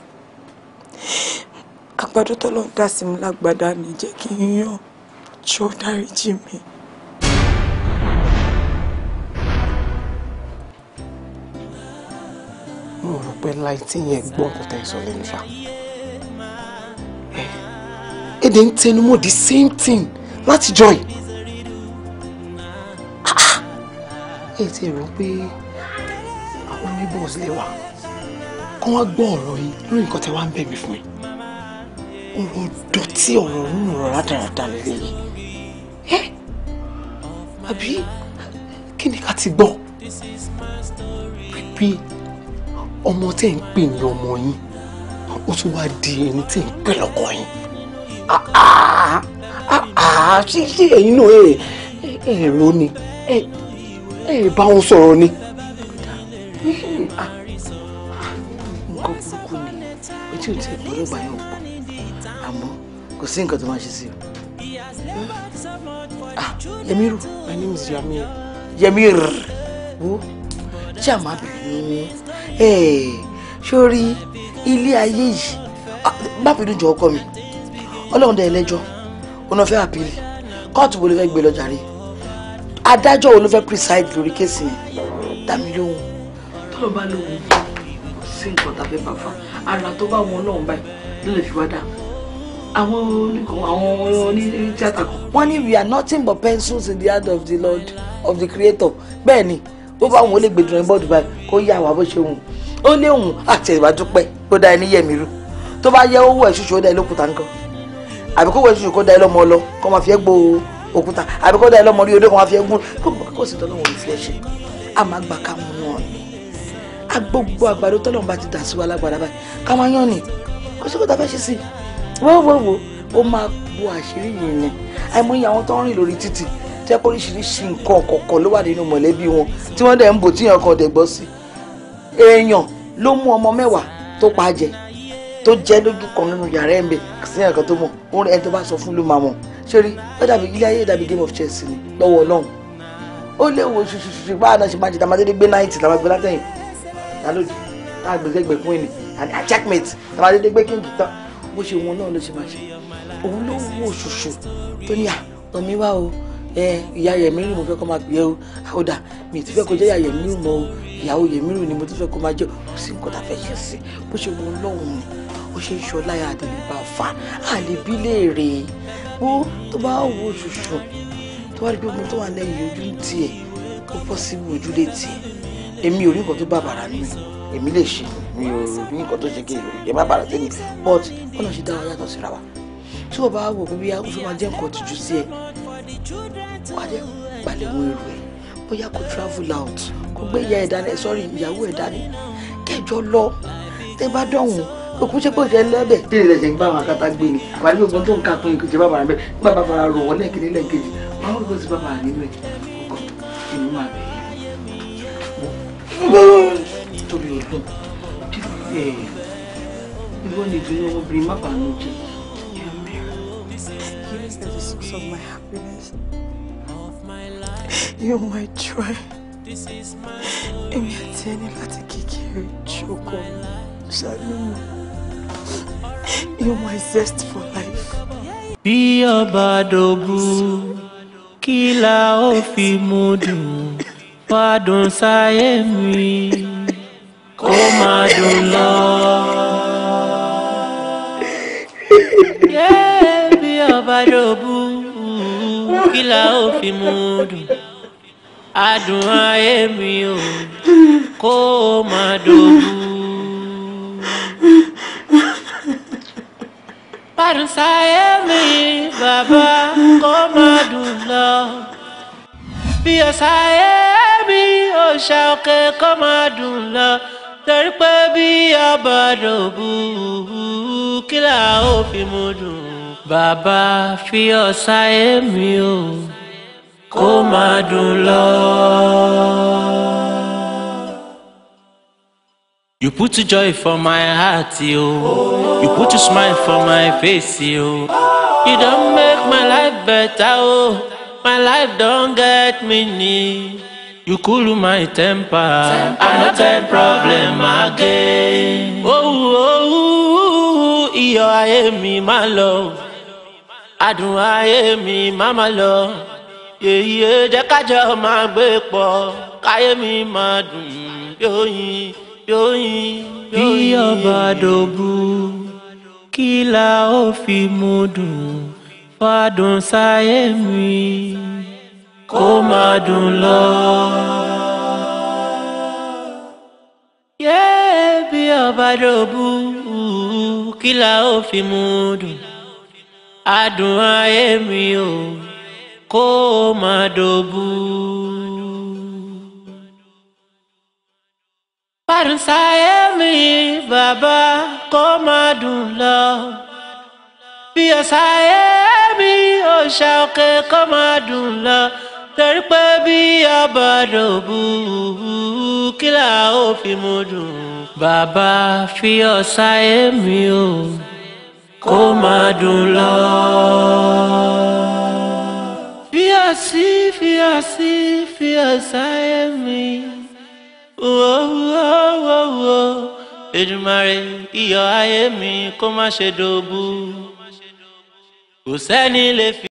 àgbàdo tọ́lọ́ ń dá sí mi lágbàdá mi jẹ́ kí n yàn jọ dáríjì mi. mo rò pé láì tí yẹn gbọ́ nǹkan tẹ́ sọ lẹ́nu ṣá èdè ń tẹnumọ́ the same thing láti join. ẹ ti rò pé àwọn neighbors lè wà kó wọ́n gbọ́ ọ̀rọ̀ yìí lórí nǹkan tẹ́ wá ń bẹ̀ mí fún yìí ọ̀rọ̀ dọ̀tí ọ̀rọ̀ nínú ọ̀rọ̀ rádaràda lélẹ̀ yìí ẹ́ àbí kí ni ká ti gbọ́ pípé ọmọ tẹ́ ń pè ní ọmọ yín ó tún wá di ẹni tẹ́ ń pè lọ́kọ yín ah, ah, ah, ṣé ṣé ẹ̀yin náà ẹ̀ ẹ̀ ronú ẹ̀ ẹ bá wọn sọ̀rọ̀ ni. nǹkan burúkú ni ojú ò tẹ gbọ́dọ̀ gbà yàn pọ̀ àmọ́ kò sí nǹkan tó máa ṣe sí o. Ah, Yẹmírù my name is Yamir Yẹmírù wo ṣé àmọ́ àbẹ̀rẹ̀ ni sórí ilé ayé yìí ah, má bínú jọ ọkọ mi ọlọ́run dẹ̀ ẹlẹ́jọ́ ọ̀nà fẹ́ àpìlì kóòtù wo lè fẹ́ gbé lọ jàre adájọ́ wo ló fẹ́ preside lórí kéèsì yẹn dá mi lóhùn. tọ́lọ̀ bá lóhùn sí nǹkan tàbí bàbá ara tó bá wọn náà báyìí ló lè fi wá dá àwọn oníkan àwọn onítíátà kan. wọ́n ní we are nothing but pencils in the hand of the lord of the creator bẹ́ẹ̀ ni bó bá wọn ò lè gbèdúrà ní bọ́ọ̀dù báyìí kó yà wá bó ṣe wù ó lé òun àtẹ̀wájú pẹ́ ló dá ẹni yẹ̀mí rú tó bá yẹ owó ẹ̀ ó dá ẹ lókùtà nǹkan àbí kó wọ ẹ kó dá ẹ lọ́mọ lọ kó máa fi ẹ́ gbòó òkúta àbí kọ́dà ẹ lọ́mọ rí odò kan wá fi ẹgún kò sí tọ́lọ́wọ̀n òní fẹ́ ṣe a máa gbà ká mú náà ni a gbogbo àgbàdo tọ́lọ́wọ̀n bá ti dà sí wa lágbàdá báyìí ká máa yán ni kò sí kọ́tà fẹ́ ṣe sí wọ́wọ́wọ́ ó máa bu àṣírí yìí ni àìmọye àwọn tó ń rìn lórí títì tẹ́ pé oríṣiríṣi nǹkan ọ̀kọ̀ọ̀kan ló wà nínú mọ̀lẹ́bí wọn tí wọ́n dẹ̀ ń bò tíyàn kan dẹ̀ sí èèyàn ló mú ọmọ mẹ́wàá tó pa jẹ tó jẹ́ lójú kan nínú yàrá ẹ̀ ń bẹ̀ sí ẹ̀kan tó mọ̀ ó rẹ̀ ẹ́ tó bá sọ fún ló máa mọ̀ ṣeré ó dàbí ilé ayé dàbí game of chess ni lọ́wọ́ ọlọ́run ó léwu ṣùṣùṣùṣù báà náà ṣe máa jẹ tàmádédé gbé náìtì tàmádédé látẹ̀yìn lálódì táà gbẹgbẹgbẹ fún ẹni àti checkmate tàmádédé gbé kíngì tán bó ṣe wọn náà ló ṣe máa ṣe òun ló wù òṣùṣù tó ní à omi wá o ìyá yẹmírù mo fẹ́ kó máa pè é o àwòdà mi ti fẹ́ kó jẹ́ ìyá yẹmírù mọ́ o ìyàwó yẹmírù ni mo ti fẹ́ kó máa jẹ́ kò sí nǹkan tá a fẹ́ ṣe sí bó ṣe wọn lọ́hùn-ún ṣe ń ṣọláyà àdèmíbà fà àlébí léèrè bó tó bá wo ṣùṣù tó wá rí pé mo tó wà lẹ́yìn ojú tiẹ̀ ó bọ́ síbi ojúlé tiẹ̀ èmi ò rí nǹkan tó bàbàrà nínú èmi lè ṣe mi ò rí nǹkan tó ṣe kí èmi má bàrà sẹ́yìn but wọ́n náà ṣe dá wa yàtọ̀ síra wa tí wọ́n bá wò pé bí ó fẹ́ máa jẹ́ nǹkan tìjú sí ẹ wàá jẹ́ balẹ̀ èrò ẹ̀ bóyá kò travel out kò gbé ìyá ẹ̀ dání sọ́rí ìyàwó ẹ̀ dání kẹjọ lọ tẹ bá dọ̀hún òkú ṣe pò jẹ lẹ́bẹ̀. tí ìrẹsẹ̀ ń bá àwọn akátá gbé ni àbálẹ́ gbogbo tó ń ka pin ìkejì bàbá rẹ̀ nígbà bàbá rẹ̀ rò wọ́n lẹ́ẹ̀kejì lẹ́ẹ̀kejì báwo ló ti bàbá nínú ẹ̀ ọkọ̀ ìlú máa bẹ̀ yẹn. torí ọdún ìwọ ni ìdùnnú ọmọbìnrin má bàa nù You're my joy. Emi àti ẹni láti kékeré ṣokò ṣàlùmọ́. You're my zest for life. Bí ọba dogun, kí la ó fi mú dùn, wá dùn sáyé mi, kó má dùn lọ. Bí ọba dogun, kí la ó fi mú dùn, adùn ayé mi o, kó má dogun. Pàdùnsáyé mi bàbá kó má dùn lọ. Bí ọ̀sáyé mi òòṣà òkè kó má dùn lọ. Torí pé bí ọba fi mú dùn. Bàbá o kó You put joy for my heart, yo. You put a smile for my face, yo. You don't make my life better, oh. My life don't get me near. You cool my temper. I no not problem again. Oh, oh, oh, iyo ayé mi máa lọ. Adùn ayé mi máa yeah. lọ. Yèyé jẹ́ kájọ máa gbé pọ̀. Káyé mi máa dùn bí oyin bí ọba dòbu kí la ó fi mú dùn fàdùn sáyé mi kó má dùn lọ. bí ọba dòbu kí la ó fi mú dùn adùn ayé mi o kó má dòbu. Fàrùnsáyé mi bàbá kó má dùn lọ. Bí ọ̀sáyé mi òòṣà òkè kó má dùn lọ. Torí pé bí ọba dòbú kí là ó fi mú dùn. Bàbá fi ọ̀sáyé mi o kó má dùn lọ. Fíyàsí fíyàsí fíyàsáyé mi. Èdùmàrè iyọ̀ ayé mi kó má ṣe dòbu kò sẹ́ni lè fi.